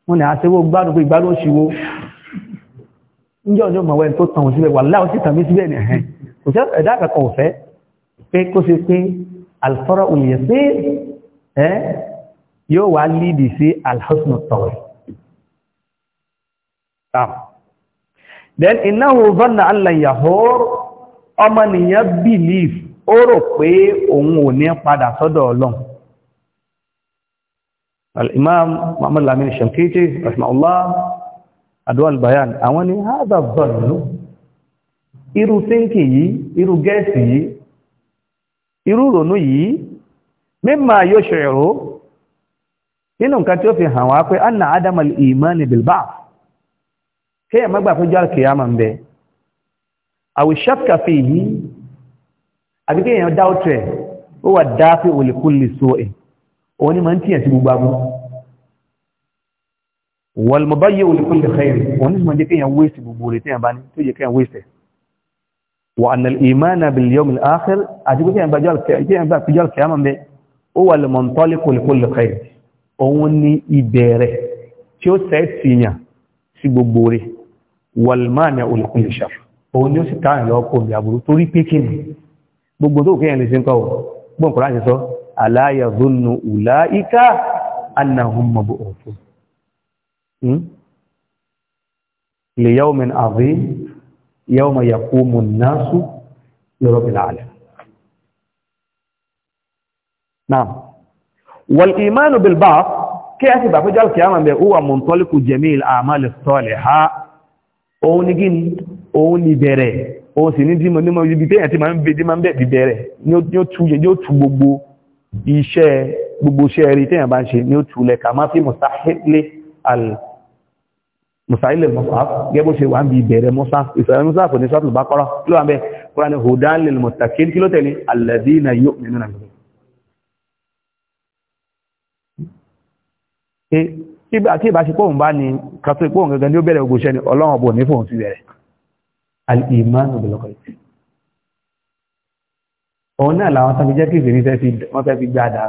wọ́n ni a ṣe wó gbádùn pé ìgbádùn òṣìwó níjọ́ ọjọ́ mọ̀wẹ́ tó tàn síbẹ̀ wà láwọ́ sí tàbí síbẹ̀ ní ẹ̀hẹ́n kò sí ẹ̀dá àkàkọ̀ ọ̀fẹ́ pé kó ṣe pé alfọ́rọ̀ òyìn sí ẹ́ yóò wá lídì sí الإمام محمد الأمين الشنقيطي رحمه الله أدوى البيان أولي هذا الظن irú thinking yìí irú gẹ́ẹ̀sì yìí irú ronú yìí mímọ̀ yóò ṣẹ̀rọ nínú nǹkan tí ó fi hàn wá pé anna adam al-iman bilba kéèyàn má gbà pé jọ́ alkiyama ń bẹ àwòṣẹ́fkà fi yìí àbí kéèyàn dáútẹ̀ ó wà dáfí òlìkúlì sóẹ̀ òun ni máa ń tíyàn sí gbogbo agbó wọlmọ̀bá yẹ olùkúlẹ̀ kẹrì òun ni máa jẹ́ kíyàn wéṣì gbogbo rẹ̀ tíyàn bá ní tó yẹ kíyàn wéṣẹ̀ wà nà ìmánà bil yawmil akhir àti pé kíyàn bá píjọ́ kẹyàmà mẹ́ ó wà lè mọ̀ntọ́lẹ̀ olùkúlẹ̀ kẹrì òun ni ìbẹ̀rẹ̀ tí ó sẹ́ tìyàn sí gbogbo rẹ̀ wọlmánà ala yadhunnu ulaika annahum mab'uthun li yawmin 'azim yawma yaqumu an-nasu li rabbil 'alamin نعم والايمان بالبعث كيف بقى جال القيامه هو منطلق جميع الاعمال الصالحه او نجين او نبره او سيني دي mo ni mo bi te ti ma nbe di ma nbe bi bẹ̀rẹ̀ ni o tu je tu gbogbo iṣẹ́ gbogbo iṣẹ́ rí tẹ́yàn bá ń ṣe ní ó túlẹ̀ kà máa fi mùsáhílẹ̀ mùsáf gẹ́gbó ṣe wà ń bí ìbẹ̀rẹ̀ mùsáf ìsọ̀rẹ̀ mùsáf ní sọ́tù bá kọ́rọ̀ kí ló wà bẹ́ẹ̀ kúrò ní hudan lil muttaqin kí ló tẹ̀lé alladhina yu'minuna nàìjíríà tí ìbá gẹ́gẹ́ ní ó bẹ̀rẹ̀ ogun ṣẹ́ni ọlọ́run ọ̀bọ̀ ní fòun ti bẹ̀rẹ̀ al-imanu bil òun náà làwọn tó fi jẹ́ kí ìfèrí wọ́n fẹ́ fi gbáadà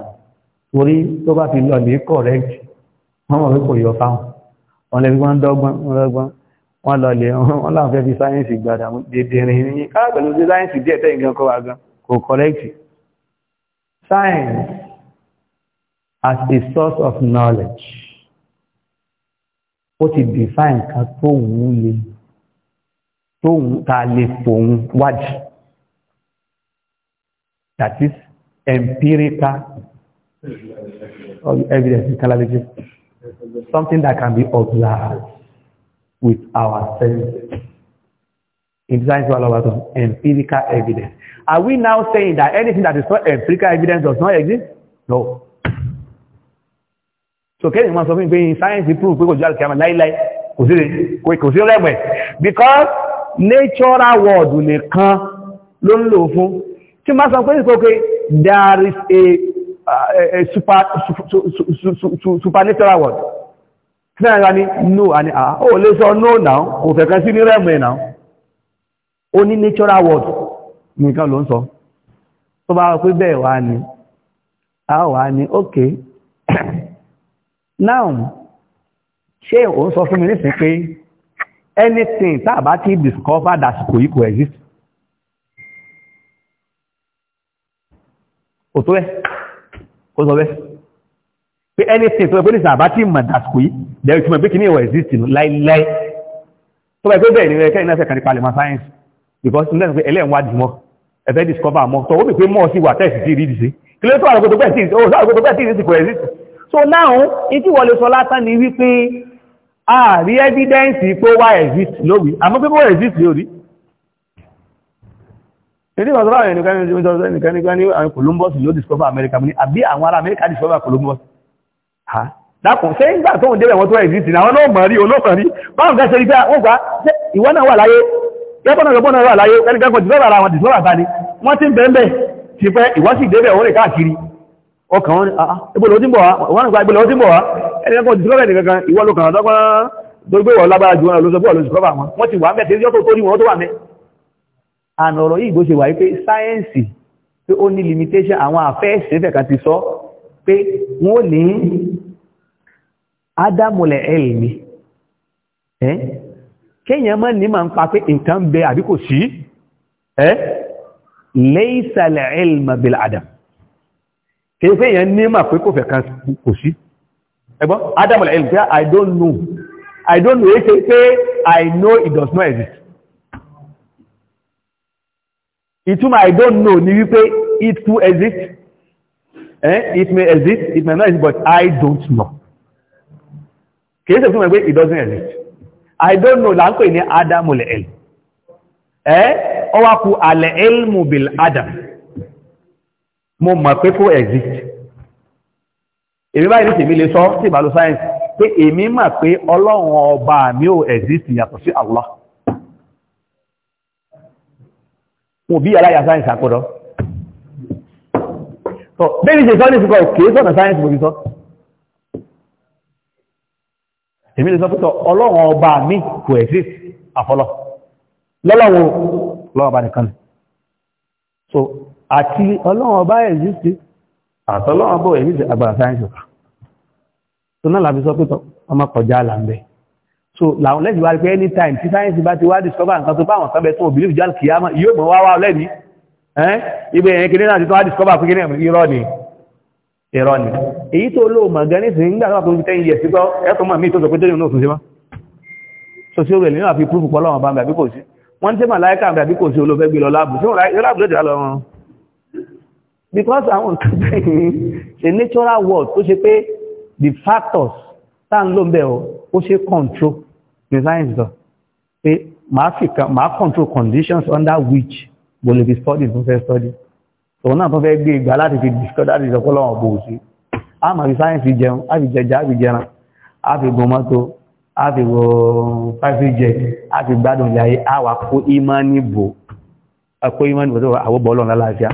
torí tó bá fi lọ lè correct wọ́n mọ̀ pé kò yọ fáwọn wọ́n lè fi wọ́n dọ́gbọ́n lọ́gbọ́n wọ́n lọ lè wọ́n láwọn fẹ́ fi sáyẹ́nsì gbáadà dédé rìn ní alábẹ̀lú sí sáyẹ́nsì díẹ̀ tẹ́ ìgbẹ́ kọ́wà gan kò correct science as a source of knowledge ó ti define kan tó wù ú le tó wù ú ta lè fòun wádìí that is empirical evidence in calamity. Something that can be observed with our senses. In science, all about empirical evidence. Are we now saying that anything that is not empirical evidence does not exist? No. So kẹ́rin wọn sọ fún ìpé science prove pé kò jù alìkàmà láíláí kò sí rẹ̀gbẹ̀. Because natural world nìkan ló ń lò fún tí máa sọ pé ní pé there is a, uh, a super, su, su, su, supernatural world tí náà rá ní no àní àá oh, lè sọ no now kò fẹ̀kan sí ní rẹ̀mù ẹ̀ now ó ní natural world nìkan ló ń sọ tó bá wọ́n pé bẹ́ẹ̀ wá ní a wà ní okay now ṣé òun sọ fún mi nísìn pé anything tá a bá ti discover that kò yí kò exist kò tó bẹ́ kò sọ bẹ́ pé anything tó ẹ pólísì àbá tí mà dàsìkò yìí lẹ́yìn tí mo pé kí ní ìwọ̀ exist nù láíláí tó bá ẹgbẹ́ bẹ́ẹ̀ ni ẹ kẹ́yìn náà fẹ́ kàn ní science because nígbà pé ẹlẹ́yìn wá dìmọ́ ẹ fẹ́ discover mọ́ tọ́wọ́ mi pé mọ́ sí wà tẹ́sì sí rídì sí kí ló tó àrùkò tó bẹ́ẹ̀ oh, sí ó sáré tó bẹ́ẹ̀ sí ìrísí kò exist so now in tí wọ́n lè sọ látàn ni wípé ààrí ah, evidence pé wá exist lórí àmọ́ pé wá exist lórí èdè ìwọ̀n sọ́rọ̀ ẹnìkan ní ọjọ́ ẹnìkan ní ní àwọn Columbus ló discover America ní àbí àwọn ará America discover Columbus ha dákùn ṣe ń gbà tó ń débẹ̀ wọ́n tó exist ní àwọn náà mọ̀ rí olóòkàn rí báwọn kan ṣe rí pé wọ́n gbà ìwọ́n náà wà láyé yẹ́bọ̀nà yọ́bọ̀nà wà láyé ẹnìkan kan discover ara wọn discover bá ní wọ́n ti ń bẹ́ẹ̀ bẹ́ẹ̀ ti pẹ́ ìwọ́n sì débẹ̀ wọ́n rẹ̀ káàkiri ọkàn wọn ìbòlò ah, ah, ó ti ń bọ̀ wá ìbòlò ó ti ń bọ̀ wá ẹnìkan kan discover ẹnìkan kan ìwọ́n lókàn ọ̀dọ́gbọ́n tó gbé wọ́n lágbára jù wọn lọ sọ bọ́ọ̀lù discover wọn wọ́n ti wà mẹ́ àna ọ̀rọ̀ yìí bó ṣe wà wípé sáyẹ́ǹsì pé ó ní limitation àwọn àfẹ́ẹ̀sẹ̀fẹ̀ kan ti sọ pé wọ́n ní ádámùlẹ̀ ẹ̀lìmí ẹ́ kéèyàn mọ́ ní ma ń pa pé nǹkan bẹ àbí kò sí ẹ́ lẹ́ìsàlẹ̀ ẹ̀lìmọ̀ adam kéèyàn ní ma pé kò fẹ́ kan kò sí ẹgbọ́n ádámùlẹ̀ I don't know I don't know pé I know it does not exist ìtumọ̀ I don't know ni wípé it will exist eh? it may exist it may not exist but I don't know kìí sọ fún mi pé it doesn't exist I don't know là ń pè ní Adamu lẹ́ẹ̀l ẹ́ ọ wá kú alẹ́ elmu bil Adam mo mọ̀ pé kó exist èmi báyìí ní tèmi lè sọ sí ìbálò sáyẹ́nsì pé èmi mọ̀ pé ọlọ́run ọba mi ò exist yàtọ̀ sí Allah wọn bí aláyà sáyẹ̀nsì àpọ̀dọ́ bẹ́ẹ̀ni ṣe sọ́ọ́ ní ìsìnkọ́ kìí sọ́nà sáyẹ̀nsì mo fi sọ èmi lè sọ pé ọlọ́run ọba mi kò exist so àti ọlọ́run ọba exist àtọ́lọ́run ọba exist agbára sáyẹ̀nsì ọ̀kan tó náà làbí sọ pé ọmọ kọjá là ń so làwọn lẹ́yìn wá rí pé anytime tí sáyẹ́nsì bá ti wá discover nǹkan tó bá àwọn sábẹ́ tún believe jal kiyama yóò mọ̀ wá wá lẹ́ni ibẹ̀ ẹ̀yẹn kìíní náà ti tún wá discover pé kìíní irọ́ ni irọ́ ni èyí tó lò mọ̀ gan nísìnyí nígbà tó fi tẹ́yìn yẹ̀ sí gbọ́ ẹ̀kọ́ mọ̀ mí tó sọ pé tẹ́yìn náà tún sí mọ́ so sí orẹ̀ nínú àfi proof pọ̀ lọ́wọ́ bá ń bàbí kò sí wọ́n ń tẹ́ màláíkà ń bàbí kò sí olófẹ́ gbé lọ láàbù sí láàbù lóde lọ wọn because àwọn nǹkan bẹ́ẹ̀ ṣe natural world tó ṣe pé the factors tá ń lò ń bẹ̀ ó ṣe control ní though, sọ pé máa fi control conditions under which mo lè fi study tó fẹ́ study òun náà tó fẹ́ gbé ìgbà láti fi discover láti sọ pọ́lọ́wọ́ bò sí a máa fi sáyẹ̀nsì jẹun a fi jẹja a fi jẹran a fi gun mọ́tò a fi wo private jet a fi gbádùn ilé ayé a wà kó ìmọ̀ níbò kó ìmọ̀ níbò tó àwọn bọ́ọ̀lù ọ̀la láàfíà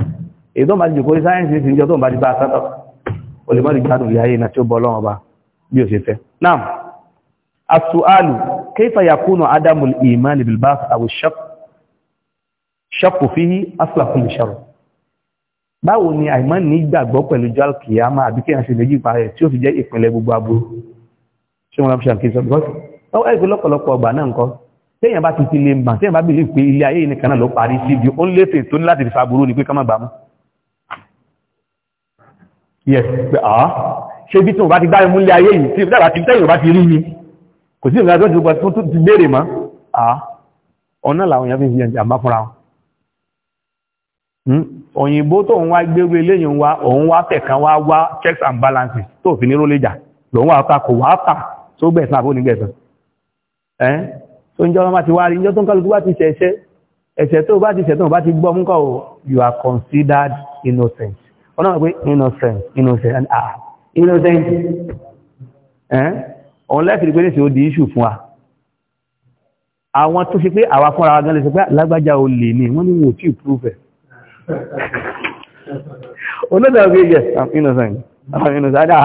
èyí tó ń bá ti jòkó sáyẹ̀nsì ti ń jọ tó ń bá ti bá a sátọ̀ olè mọ́ ti gbádùn ilé ayé náà tí ó bọ́ ọlọ́run ọba bí ó ṣe fẹ́ náà asualu كيف يكون عدم الإيمان بالبعث أو الشك شك فيه أصل كل شر báwo ni àìmọ́ ní ìgbàgbọ́ pẹ̀lú jọ alkiyama àbí kí ẹ̀ṣẹ̀ méjì parẹ̀ tí ó fi jẹ́ ìpínlẹ̀ gbogbo aburú ṣe wọ́n lábíṣà kí sọ bíkọ́sì ọwọ́ ẹ̀kọ́ lọ́pọ̀lọpọ̀ ọgbà náà nǹkan téèyàn bá ti ti lè mà téèyàn bá bìlì pé ilé ayé nìkan náà ló parí sí ibi ó ń léfè tó ní láti fi faburú ni pé ká má gbà mú yes pé àá ṣe bí tí mo ti gbá mi mú ilé ayé yìí tí mo bá ti tẹ́yìn bá ti rí mi kò sí ìrìnàjò ìjọba tó tó ti léèrè mọ́ àá ọ̀nà làwọn èèyàn fi fi àmá fúnra wọn hmm? òyìnbó tó ń wá gbégbé léyìn wá òun wá tẹ̀kan wá wá checks and balances tó fi ní róléjà lòun wà ká kò wá tà tó gbẹ̀sán àbó nígbẹ̀sán ẹ́n tó ń jọ ọmọ ti wá rí ìjọ tó ń kálukú bá ti ṣẹ̀ṣẹ̀ ẹ̀ṣẹ̀ tó bá ti ṣẹ̀ tó bá ti gbọ́ mú kọ́ you are considered innocent ọ̀nà wà pé innocent innocent ah innocent ẹ́n òun lẹ́fìrí pé níṣẹ́ ó di issue fún wa àwọn tó ṣe pé àwa fúnra wa gan lè sọ pé ah, lágbájá o lè ní wọ́n ní wò tí prove ẹ̀ olóòdà ọgbẹ́ yẹ innocent àwọn innocent hmm?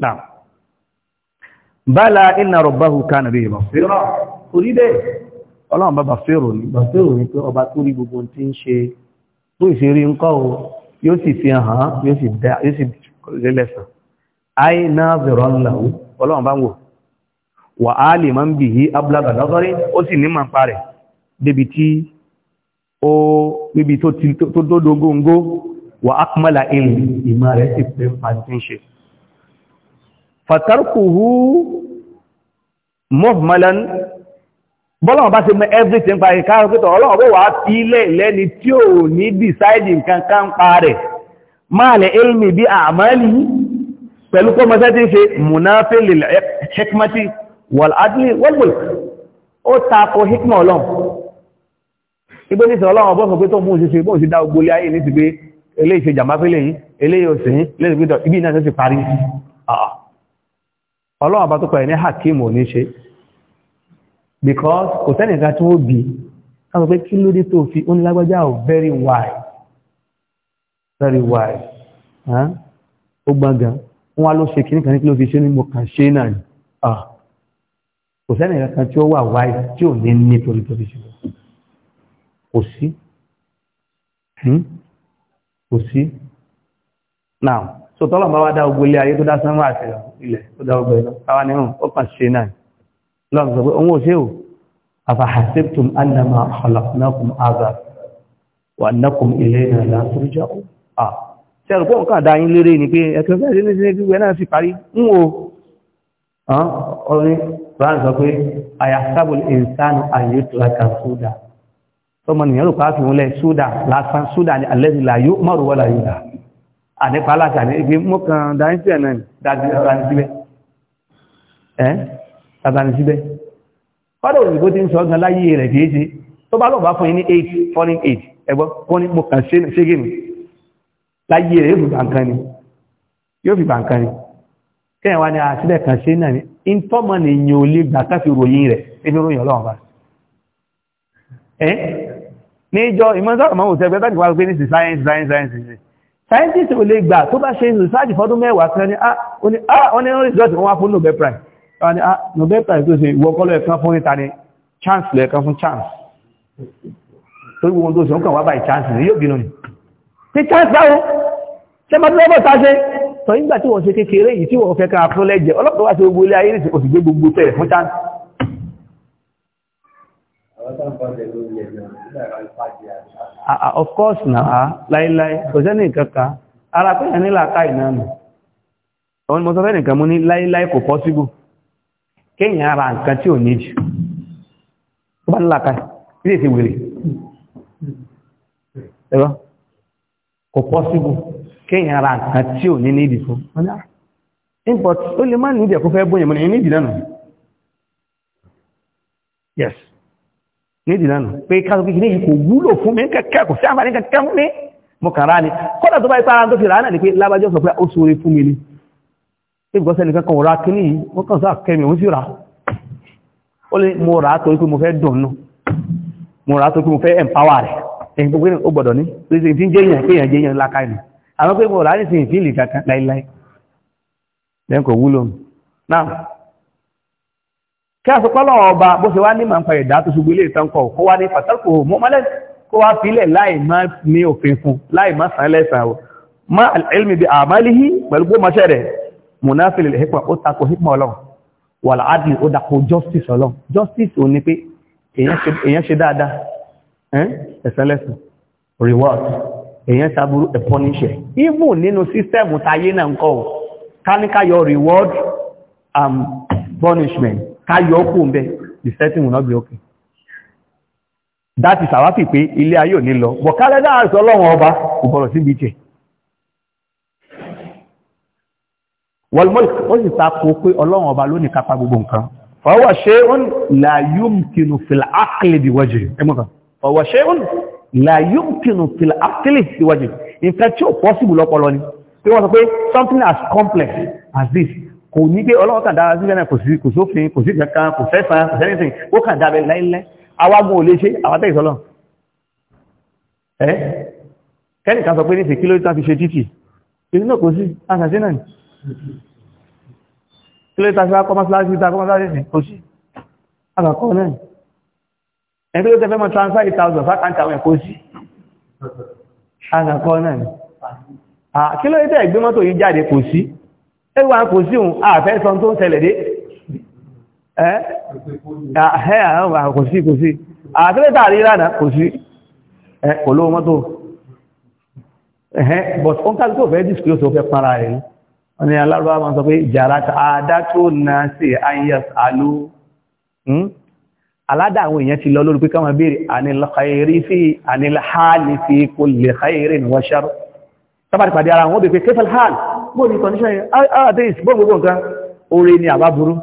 náà bala inna ọlọ́run bá bàfẹ́rò ní bàfẹ́rò ní pé ọba tó rí gbogbo tí ń ṣe tó ìṣeré ń kọ́ o yóò sì fi hàn yóò sì dá yóò sì lẹ́lẹ́sàn ayé náà zẹ̀rọ ńláwó ọlọ́run bá ń wò wà á lè máa ń bì yí abúlágà ó sì ní màpá rẹ̀ bọ́lọ̀wọ̀ bá ṣe mọ everything pa ìkà ọ̀pẹ́tọ̀ ọlọ́wọ́ wà fi ilẹ̀ lẹ́ni tí ò ní decide nǹkan kan pa rẹ̀ máa lẹ ilmi bí àmàlì pẹ̀lú kọ́ mọ́sẹ́ tí ń ṣe munafili hikmati wal adli wal mulk ó tako hikma ọlọ́run igbó ní sọ ọlọ́run ọbọ́sọ̀ pé tó mú ṣe bóòsí dá ogbó lé ayé ní ti because kò sẹ́nìkan tí ó bí káwọn pé kí ló dé tó fi ó ní lágbájá ò very wise very wise ó gbọ́ngàn wọ́n wá ló ṣe kí nìkan ní kí ló fi ṣe ní mo kàn ṣe náà ni kò sẹ́nìkan kan tí ó wà wise tí ò ní nítorí tó fi ṣe kò sí kò sí now so tọ́lọ̀ bá wá dá ogun ilé ayé tó dá sánmọ́ àti ilẹ̀ tó dá ogun ẹ̀ lọ káwa ni ó kàn ṣe náà lọ́nà sọ pé òun ò ṣe ò afahasibtum annama khalaqnakum azab wa annakum ilayna la turja'un ah ṣe rò pé òun kàn dá yín lérè ni pé ẹ̀kẹ́ fẹ́ sí ní sí ibi náà sì parí ń wo ọ̀rin rán sọ pé ayasabu insanu ayyutlaka suda tọmọ nìyàn rò pàápàá wọn lẹ suda lásán suda ni alladhi la yu'maru wa la yuda mọ́kàn dáńtì náà dájú ọ̀rá ní síbẹ̀ tàbí síbẹ̀ fọ́dọ̀ òyìnbó ti ń sọ ọgbọ̀n láyé rẹ̀ kìí ṣe tó bá lọ́wọ́ bá fún ní 8 foreign 8 ẹgbọ́ wọ́n ní mo kàn ṣe gẹ̀mù láyé rẹ̀ yóò fi bàǹkan ni yóò fi bàǹkan ni kẹ́yìn wá ní àṣílẹ̀ ah, kan ṣe náà ni in tọ́mọ ni yìí ò lè gbà káfí ròyìn rẹ̀ nínú ròyìn ọlọ́run bá ẹ́ níjọ ìmọ̀sọ́rọ̀ mọ́ òṣèlú bẹ́ẹ̀ bá wà pé ní science science science scientist ò lè gbà tó bá ṣe research fọ́dún mẹ́wàá kan ah, ní ah ó ní result wọn wá fún Nobel prize ni a no better to say ìwọ kọ́ ló ẹ̀kan fún ìta ni chance ló ẹ̀kan fún chance torí gbogbo tó ṣe ń kàn wá báyìí chance ni yóò bínú ni ṣe chance báwo ṣe máa tó lọ́bọ̀ ta ṣe tọ́ nígbà tí wọ́n ṣe kékeré yìí tí wọ́n fẹ́ kan fún lẹ́jẹ̀ ọlọ́pàá wá sí gbogbo ilé ayé nìṣẹ́ òsì gbé gbogbo fẹ́rẹ̀ fún ah, ah, of course na ah, láíláí kò sẹ́ni kankan ara pé ẹni làákà ìnáà nù ọmọ ni mo sọ fẹ́ nìkan mú possible kéèyàn ara nǹkan tí ò ní jù ó bá nílàkà ilé ti wèrè ẹ̀rọ kò pọ́síbù kéèyàn ara nǹkan tí ò ní nídìí fún wọn ní ah, import ó lè má nídìí ẹ̀kọ́ fẹ́ bóyá mọ́ ní nídìí lánàá yes nídìí lánàá pé káàkiri kìíní yìí kò wúlò fún mi kẹ́kẹ́ kò sí àǹfààní kẹ́kẹ́ fún mi mo kàn rá ni kọ́dà tó bá ipá ara tó fi rà á náà ni pé lábájọ́ sọ pé ó sọ orí fún mi ni ìgbọ́sẹ̀ nìkan kan ra kí ní yìí wọ́n kàn sáà kẹ́mì wọ́n sí ra ó lè mo rà á torí pé mo fẹ́ dùnnú mo rà á torí pé mo fẹ́ ẹ̀mpáwà rẹ̀ èyí tó gbé ó gbọ́dọ̀ ní pèsè tí ń jẹ́ èèyàn pé èèyàn jẹ́ èèyàn lákàá nù àwọn pé mo rà á ní sin ìfìlì kankan láíláí lẹ́yìn kò wúlò náà kí àsopọ́ lọ́wọ́ ọba bó ṣe wá ní màá ń pa ẹ̀dá tó ṣubú ilé ìtàn kó wá ní pàtàkì mọ́ mọ́lẹ́ kó wá filẹ̀ láì má ní òfin fún láì má sàn lẹ́sàn má ilmi bi àmàlìhí pẹ̀lú gbó mọ́ṣẹ́ rẹ̀ munafil hikma ó tako hikma ọlọ́run wal adl ó dako justice ọlọ́run justice ò ní pé èyàn ṣe dáadáa ẹ̀sẹ̀lẹ́sìn reward èyàn sábúrú ẹ̀pọ́níṣẹ̀ even nínú system tayé náà kọ́ ò káníkáyọ reward and um, punishment káyọ kú ń bẹ the setting will not be okay that is our pé ilé ayé ò ní lọ bọ̀kálẹ́dà àìsọ́ ọlọ́run ọba kò bọ̀rọ̀ síbi jẹ́ wọlmọ́lì ó sì tako pé ọlọ́run ọba lónìí kápá gbogbo nǹkan fọwọ́ ṣe ń láyúmkinu fìlàákìlì díwọ́jì ẹmọ́ta fọwọ́ ṣe ń láyúmkinu fìlàákìlì díwọ́jì nǹkan tí ó pọ́sìbù lọ́pọlọ ni pé wọ́n sọ pé something as complex as this kò ní pé ọlọ́run kàn dára síbẹ̀ náà kò sí kò sófin kò sí kankan kò fẹ́sàn kò sẹ́nìtìn ó kàn dábẹ̀ láìlẹ́ awágun ò lè ṣe àwátẹ́ ìsọlọ ẹ kẹ́nìkan sọ náà ni ilé ìtàṣí akọ́mọ́síláṣí ìtàkọ́mọ́síláṣí ní oṣù àkàkọ́ náà ẹni tó tẹ́fẹ́ mọ́ transfer 8,000 fákàntà àwọn ẹ̀kọ́ sí àkàkọ́ náà kí ló tẹ́ ẹgbẹ́ mọ́tò yìí jáde kò sí ẹwà kò sí òun àfẹ́ sọ tó ń ṣẹlẹ̀ dé kò sí kò sí àtẹ́lẹ́tà rí ránà kò sí kò lówó mọ́tò but ó ń kájú tó fẹ́ disclose ó fẹ́ para rẹ̀ wọ́n ni alárúbá ma sọ pé jàrátà àdátó náà sí ayas alú hmm? aládà àwọn èèyàn ti lọ lórí pé káwọn béèrè anilkhairi fi anilhali fi kulli khairin wa shar sábàtì pàdé ara wọn bèèrè kéfàl hàn bóòlù kọ̀níṣẹ́ àdéhìs bóòlù nǹkan oore ni àbábúrú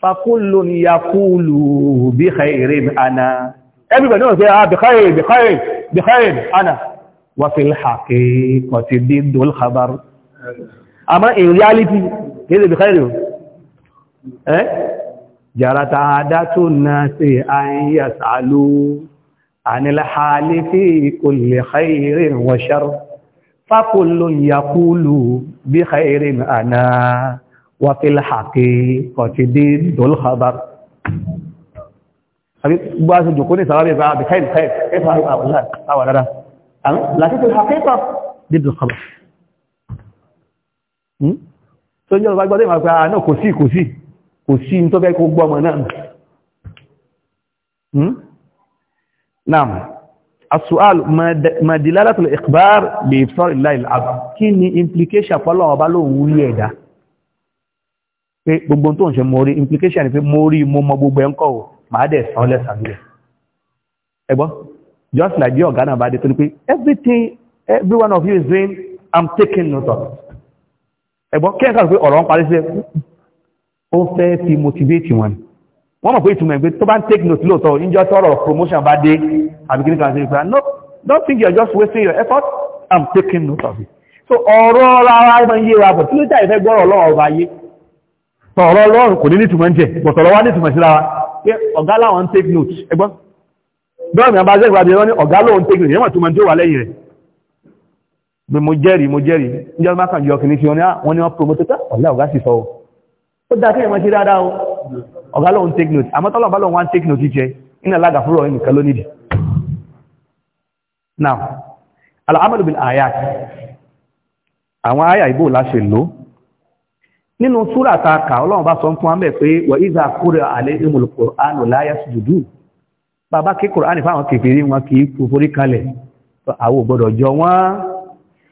fakulun yakulu everybody knows say ah bi khair bi khair bi khair ana wa àmọ́ in reality kéde bí káyẹ̀ ẹ́ jàrátà àdátò náà sí àyíyà sàálù àníláhálí fi kulli khairin wa shar fákòlò yakúlù bí khairin àná wà fi láhàkí kọ̀tí dé dọ́lọ́kọ̀bá bá ṣe jùkú ní sàwárí bá bí káyẹ̀ káyẹ̀ káyẹ̀ Hmm? tó jẹ́ ọba gbọ́dẹ̀ máa pẹ́ àà náà kò sí kò sí kò sí tó fẹ́ kó gbọ́mọ náà hmm? náà as-su'al ma dilalatul ikhbar bi kí ni implication fọ́lọ̀ ọba lóòun rí ẹ̀dá pé ń ṣe mórí implication ni pé mórí mo mọ gbogbo ẹ̀ńkọ̀ ò máa dẹ̀ just like bí ọ̀gá náà everything every one of you is doing i'm taking note of ẹ̀gbọ́n kí ẹ̀kà pé ọ̀rọ̀ ń parí sí ó fẹ́ fi motivate wọn wọ́n mọ̀ pé ìtumọ̀ ẹgbẹ́ tó bá ń take note lóòtọ́ níjọ́ tọ́rọ̀ promotion bá dé àbí kí ní kan sí ìpínlẹ̀ no don't think you're just wasting your effort i'm taking note of it so ọ̀rọ̀ ara ẹgbẹ́ yé wa bọ̀ tí ló jáì fẹ́ gbọ́rọ̀ ọlọ́run ọba yé tọ̀rọ̀ ọlọ́run kò ní nítumọ̀ ń jẹ bọ̀ tọ̀rọ̀ wá nítumọ̀ síra wa pé ọ̀gá láwọn take note ẹgbọ́n bẹ́ẹ̀ mi àbájẹ́ ìgbàdì ẹ̀rọ ní ọ̀gá lóun take note yẹ́mọ̀ tó máa ń jó wà lẹ́yìn bí mo jẹ́rìí mo jẹ́rìí níjọ́ bá kàn jọ kìíní sí wọn ni ah, wọ́n ni wọ́n promoter ọ̀lá ọ̀gá sì sọ ó dá ẹ̀mọ́ sí dáadáa ọ̀gá lóun take note àmọ́ tọ́lọ̀ bá lóun take note jẹ iná lága fúrọ̀ ẹnìkan ló nídìí now alhamdu bin ayat àwọn aya ìbò láṣẹ lò nínú súrà ta kà ọlọ́run bá sọ fún wa mẹ́ pé wà ìzà kúrẹ̀ alẹ́ ìmùlù kòránù láyé sùdùdù bàbá kí kòránì fáwọn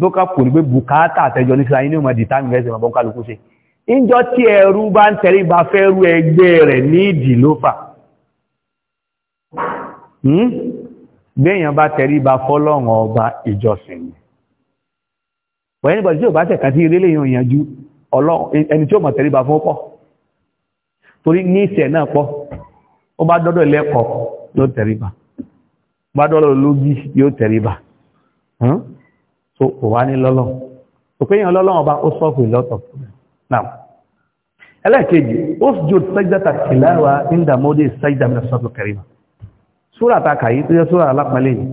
tó kàpò ní pé bùkátà àtẹjọ ní síláyé ní ọmọ dìtà mẹ́sẹ̀ bàbá kálukú ṣe ìjọ tí ẹrú bá ń tẹ̀lé bá fẹ́ rú ẹgbẹ́ rẹ̀ ní ìdì ló fà gbéyàn hmm? bá tẹ̀lé bá fọ́lọ́run ọba ìjọsìn wẹ́nìbọ̀dì tí ò bá tẹ̀kà sí ilé lèyàn ìyànjú ẹni tí ó mọ̀ tẹ̀lé bá fún pọ̀ so kò wá ní lọ́lọ́ òpéyàn lọ́lọ́ ọba ó sọ́fù ìlọ́tọ̀ náà ẹlẹ́ẹ̀kejì ó jò sẹ́jẹ́ta tìláwà ìndàmọ́dé sẹ́jẹ́dàmínà sọ́tọ̀ kẹrìmà súrà takà yìí tó yẹ súrà alápàlẹ̀ yìí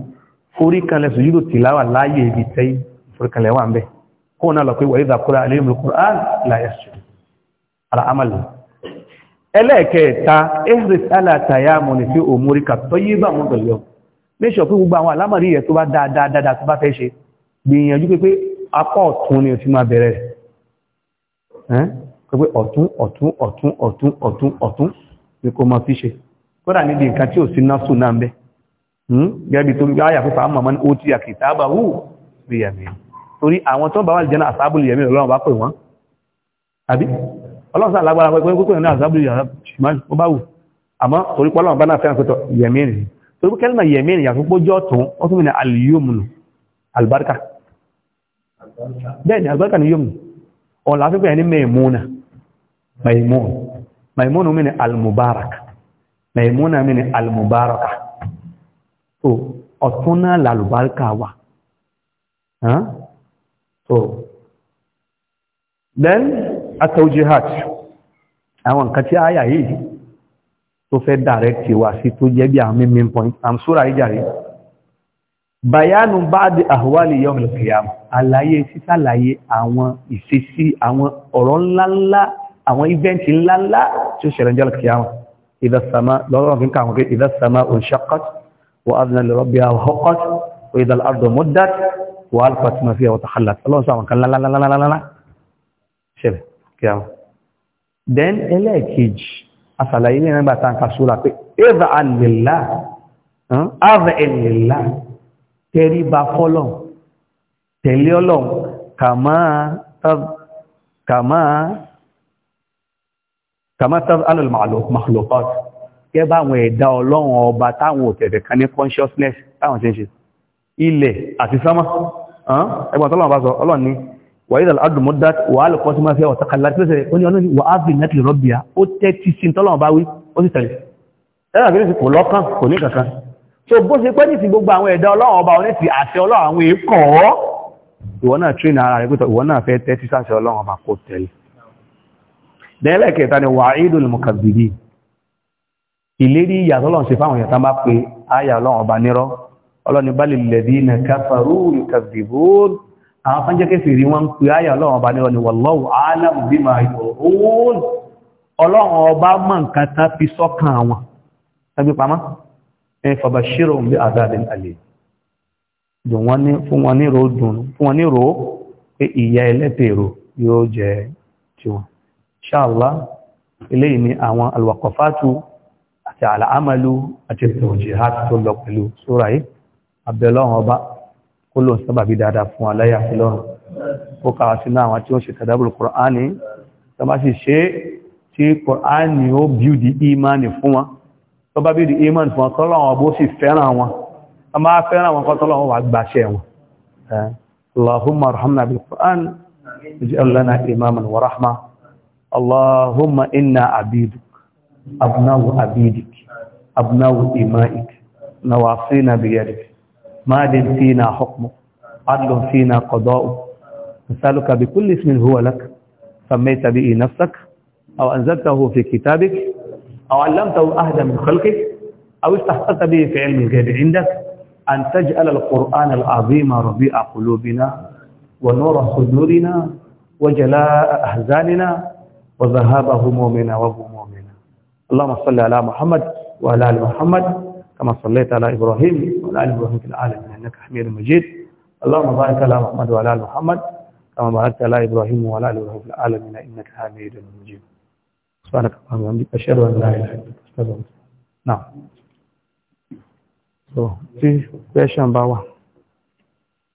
orí kanlẹ̀ sùjúdù tìláwà láàyè ibi tẹ́ ìforíkanlẹ̀ wà ń bẹ̀ kó náà lọ pé wà ìdà kúrò àlẹ́ ìmìlú kúrò án láyé sùn ara amàlẹ̀ ẹlẹ́ẹ̀kẹta ehris alataya mọ̀ ní fi òmùrí kà tọ́yí bá wọn tọ̀lẹ́ gbìyànjú pé pé apá ọ̀tún ni o ti máa bẹ̀rẹ̀ rẹ̀ pé ọ̀tún ọ̀tún ọ̀tún ọ̀tún ọ̀tún ọ̀tún ni kò máa fi ṣe kódà níbi nǹkan tí ò sí náà sùn náà ń bẹ́ hmm? gẹ́bí torí ayà pípa mọ̀mọ́ ní ó ti àkìtà àbà wù bí yẹ̀mí torí àwọn tó bá wà jẹ́ náà àsábùlù yẹ̀mí ọlọ́run bá pè wọ́n àbí ọlọ́run sáà lágbára pẹ́ pẹ́ ní àsábùlù yẹ̀mí ó bá wù àmọ́ torí pé ọlọ́run bá náà fẹ́ràn pẹ́tọ̀ yẹ̀mí rẹ̀ torí pé kẹ́lìmọ̀ yẹ̀mí rẹ̀ yàtọ̀ pójọ́ tún ó tún mi ní àlìyómùnù àlùbáríkà bẹ́ẹ̀ni àgbẹ́kà ni yóò ọ̀lá fífẹ́ ní maimuna maimun maimuna mini almubaraka maimuna mini almubaraka so ọ̀tún náà lálùbáríkà wà so then atawjihat àwọn nǹkan tí áyà yìí tó fẹ́ direct wa sí tó jẹ́ bí àwọn mímí point am sóra ìjàre bayanu báàdì àhúwálì yọmìlì kìyàmù àlàyé sísàlàyé àwọn ìṣesí àwọn ọ̀rọ̀ ńláńlá àwọn ìvẹ́ntì ńláńlá tí ó ṣẹlẹ̀ jẹ́ kìyàmù ìdásàmá lọ́rọ̀ fi ń kàwọn pé ìdásàmá òǹṣàkọ́t wà á dínà lọ́rọ̀ bí i àhọ́kọ́t wà ìdá àrùdọ̀ mọ́dát wà á lùpàtí máa fi àwọn then ẹlẹ́ẹ̀kejì asàlàyé ní ẹgbàá tá à ń ka sóra pé ẹ̀dà àlìlá ẹ̀dà àlìlá tẹríba fọ́lọ̀ tẹ̀lé ọlọ̀ kàmá tàbí makhlukat gẹ́bà àwọn ẹ̀dá ọlọ́run ọba táwọn òtẹ̀ẹ̀tẹ̀ kan ní consciousness táwọn ṣe ń ṣe ilẹ̀ àti sánmà ẹgbọ́n tọ́lọ́run bá sọ ọlọ́run ní wàídà aládùmọ́dát wà á lè kọ́ sí máa fẹ́ ọ̀tàkà láti lẹ́sẹ̀ ó ní ọlọ́ni wà á fi nẹ́tìlì rọ́bìá ó tẹ́ tí sí tọ́lọ́run so bó ṣe pẹ́ nìsí gbogbo àwọn ẹ̀dá ọlọ́run ọba oníṣì àṣẹ ọlọ́run àwọn èèkọ̀ ìwọ náà train ara rẹ̀ pẹ́tọ̀ ìwọ náà fẹ́ tẹ́tí sáṣẹ ọlọ́run ọba kò tẹ̀lé dẹ́lẹ̀kẹta ni wà ídùn mọ̀kàbìlì ìlérí ìyàtọ́lọ́run ṣe fáwọn ìyàtá bá pé ayà ọlọ́run ọba nírọ́ ọlọ́ni bá lè bí na káfàrú ìkàbìbòn àwọn fánjẹ́kẹ́ fèrè wọn ń pè ayà ọlọ́run ẹn fàbàṣírò bí àdáàdín alẹ́ dùn wọ́n ní fún wọn ní ròó dùn fún wọn ní ròó pé ìyà ẹlẹ́tẹ̀ẹ̀rò yóò jẹ tiwọn ṣáàlá eléyìí ni àwọn alwakọfàtù àti àlàámàlú àti ìtòjìhàt tó lọ pẹ̀lú sóra yìí abẹ́lọ́run ọba kó lóun sábàbí dáadáa fún aláyà fúlọ́run ó kàwá sínú àwọn tí fún wọn tó bá bí di iman fún ọ̀tọ́lọ́wọ́ bó sì fẹ́ràn wọn a máa fẹ́ràn wọn kọ́tọ́lọ́wọ́ wà gbàṣẹ́ wọn allahumma rahamna bil qur'an ij'al lana imaman wa rahma allahumma inna abiduk abnawu abidik abnawu imaik nawasina biyadik madin fina hukmuk عدل فينا قضاؤك نسألك بكل اسم هو لك سميت به نفسك أو أنزلته في كتابك أو علمته أهدى من خلقك أو استحقت به في علم الغيب عندك أن تجعل القرآن العظيم ربيع قلوبنا ونور صدورنا وجلاء أحزاننا وذهاب همومنا وغمومنا اللهم صل على محمد وعلى آل محمد كما صليت على إبراهيم وعلى آل إبراهيم في العالمين إنك حميد مجيد اللهم بارك على محمد وعلى آل محمد كما باركت على إبراهيم وعلى آل إبراهيم في العالمين إنك حميد مجيد سبحانك اللهم وبحمدك أشهد أن لا إله إلا أنت أستغفرك نعم so tí question bá wà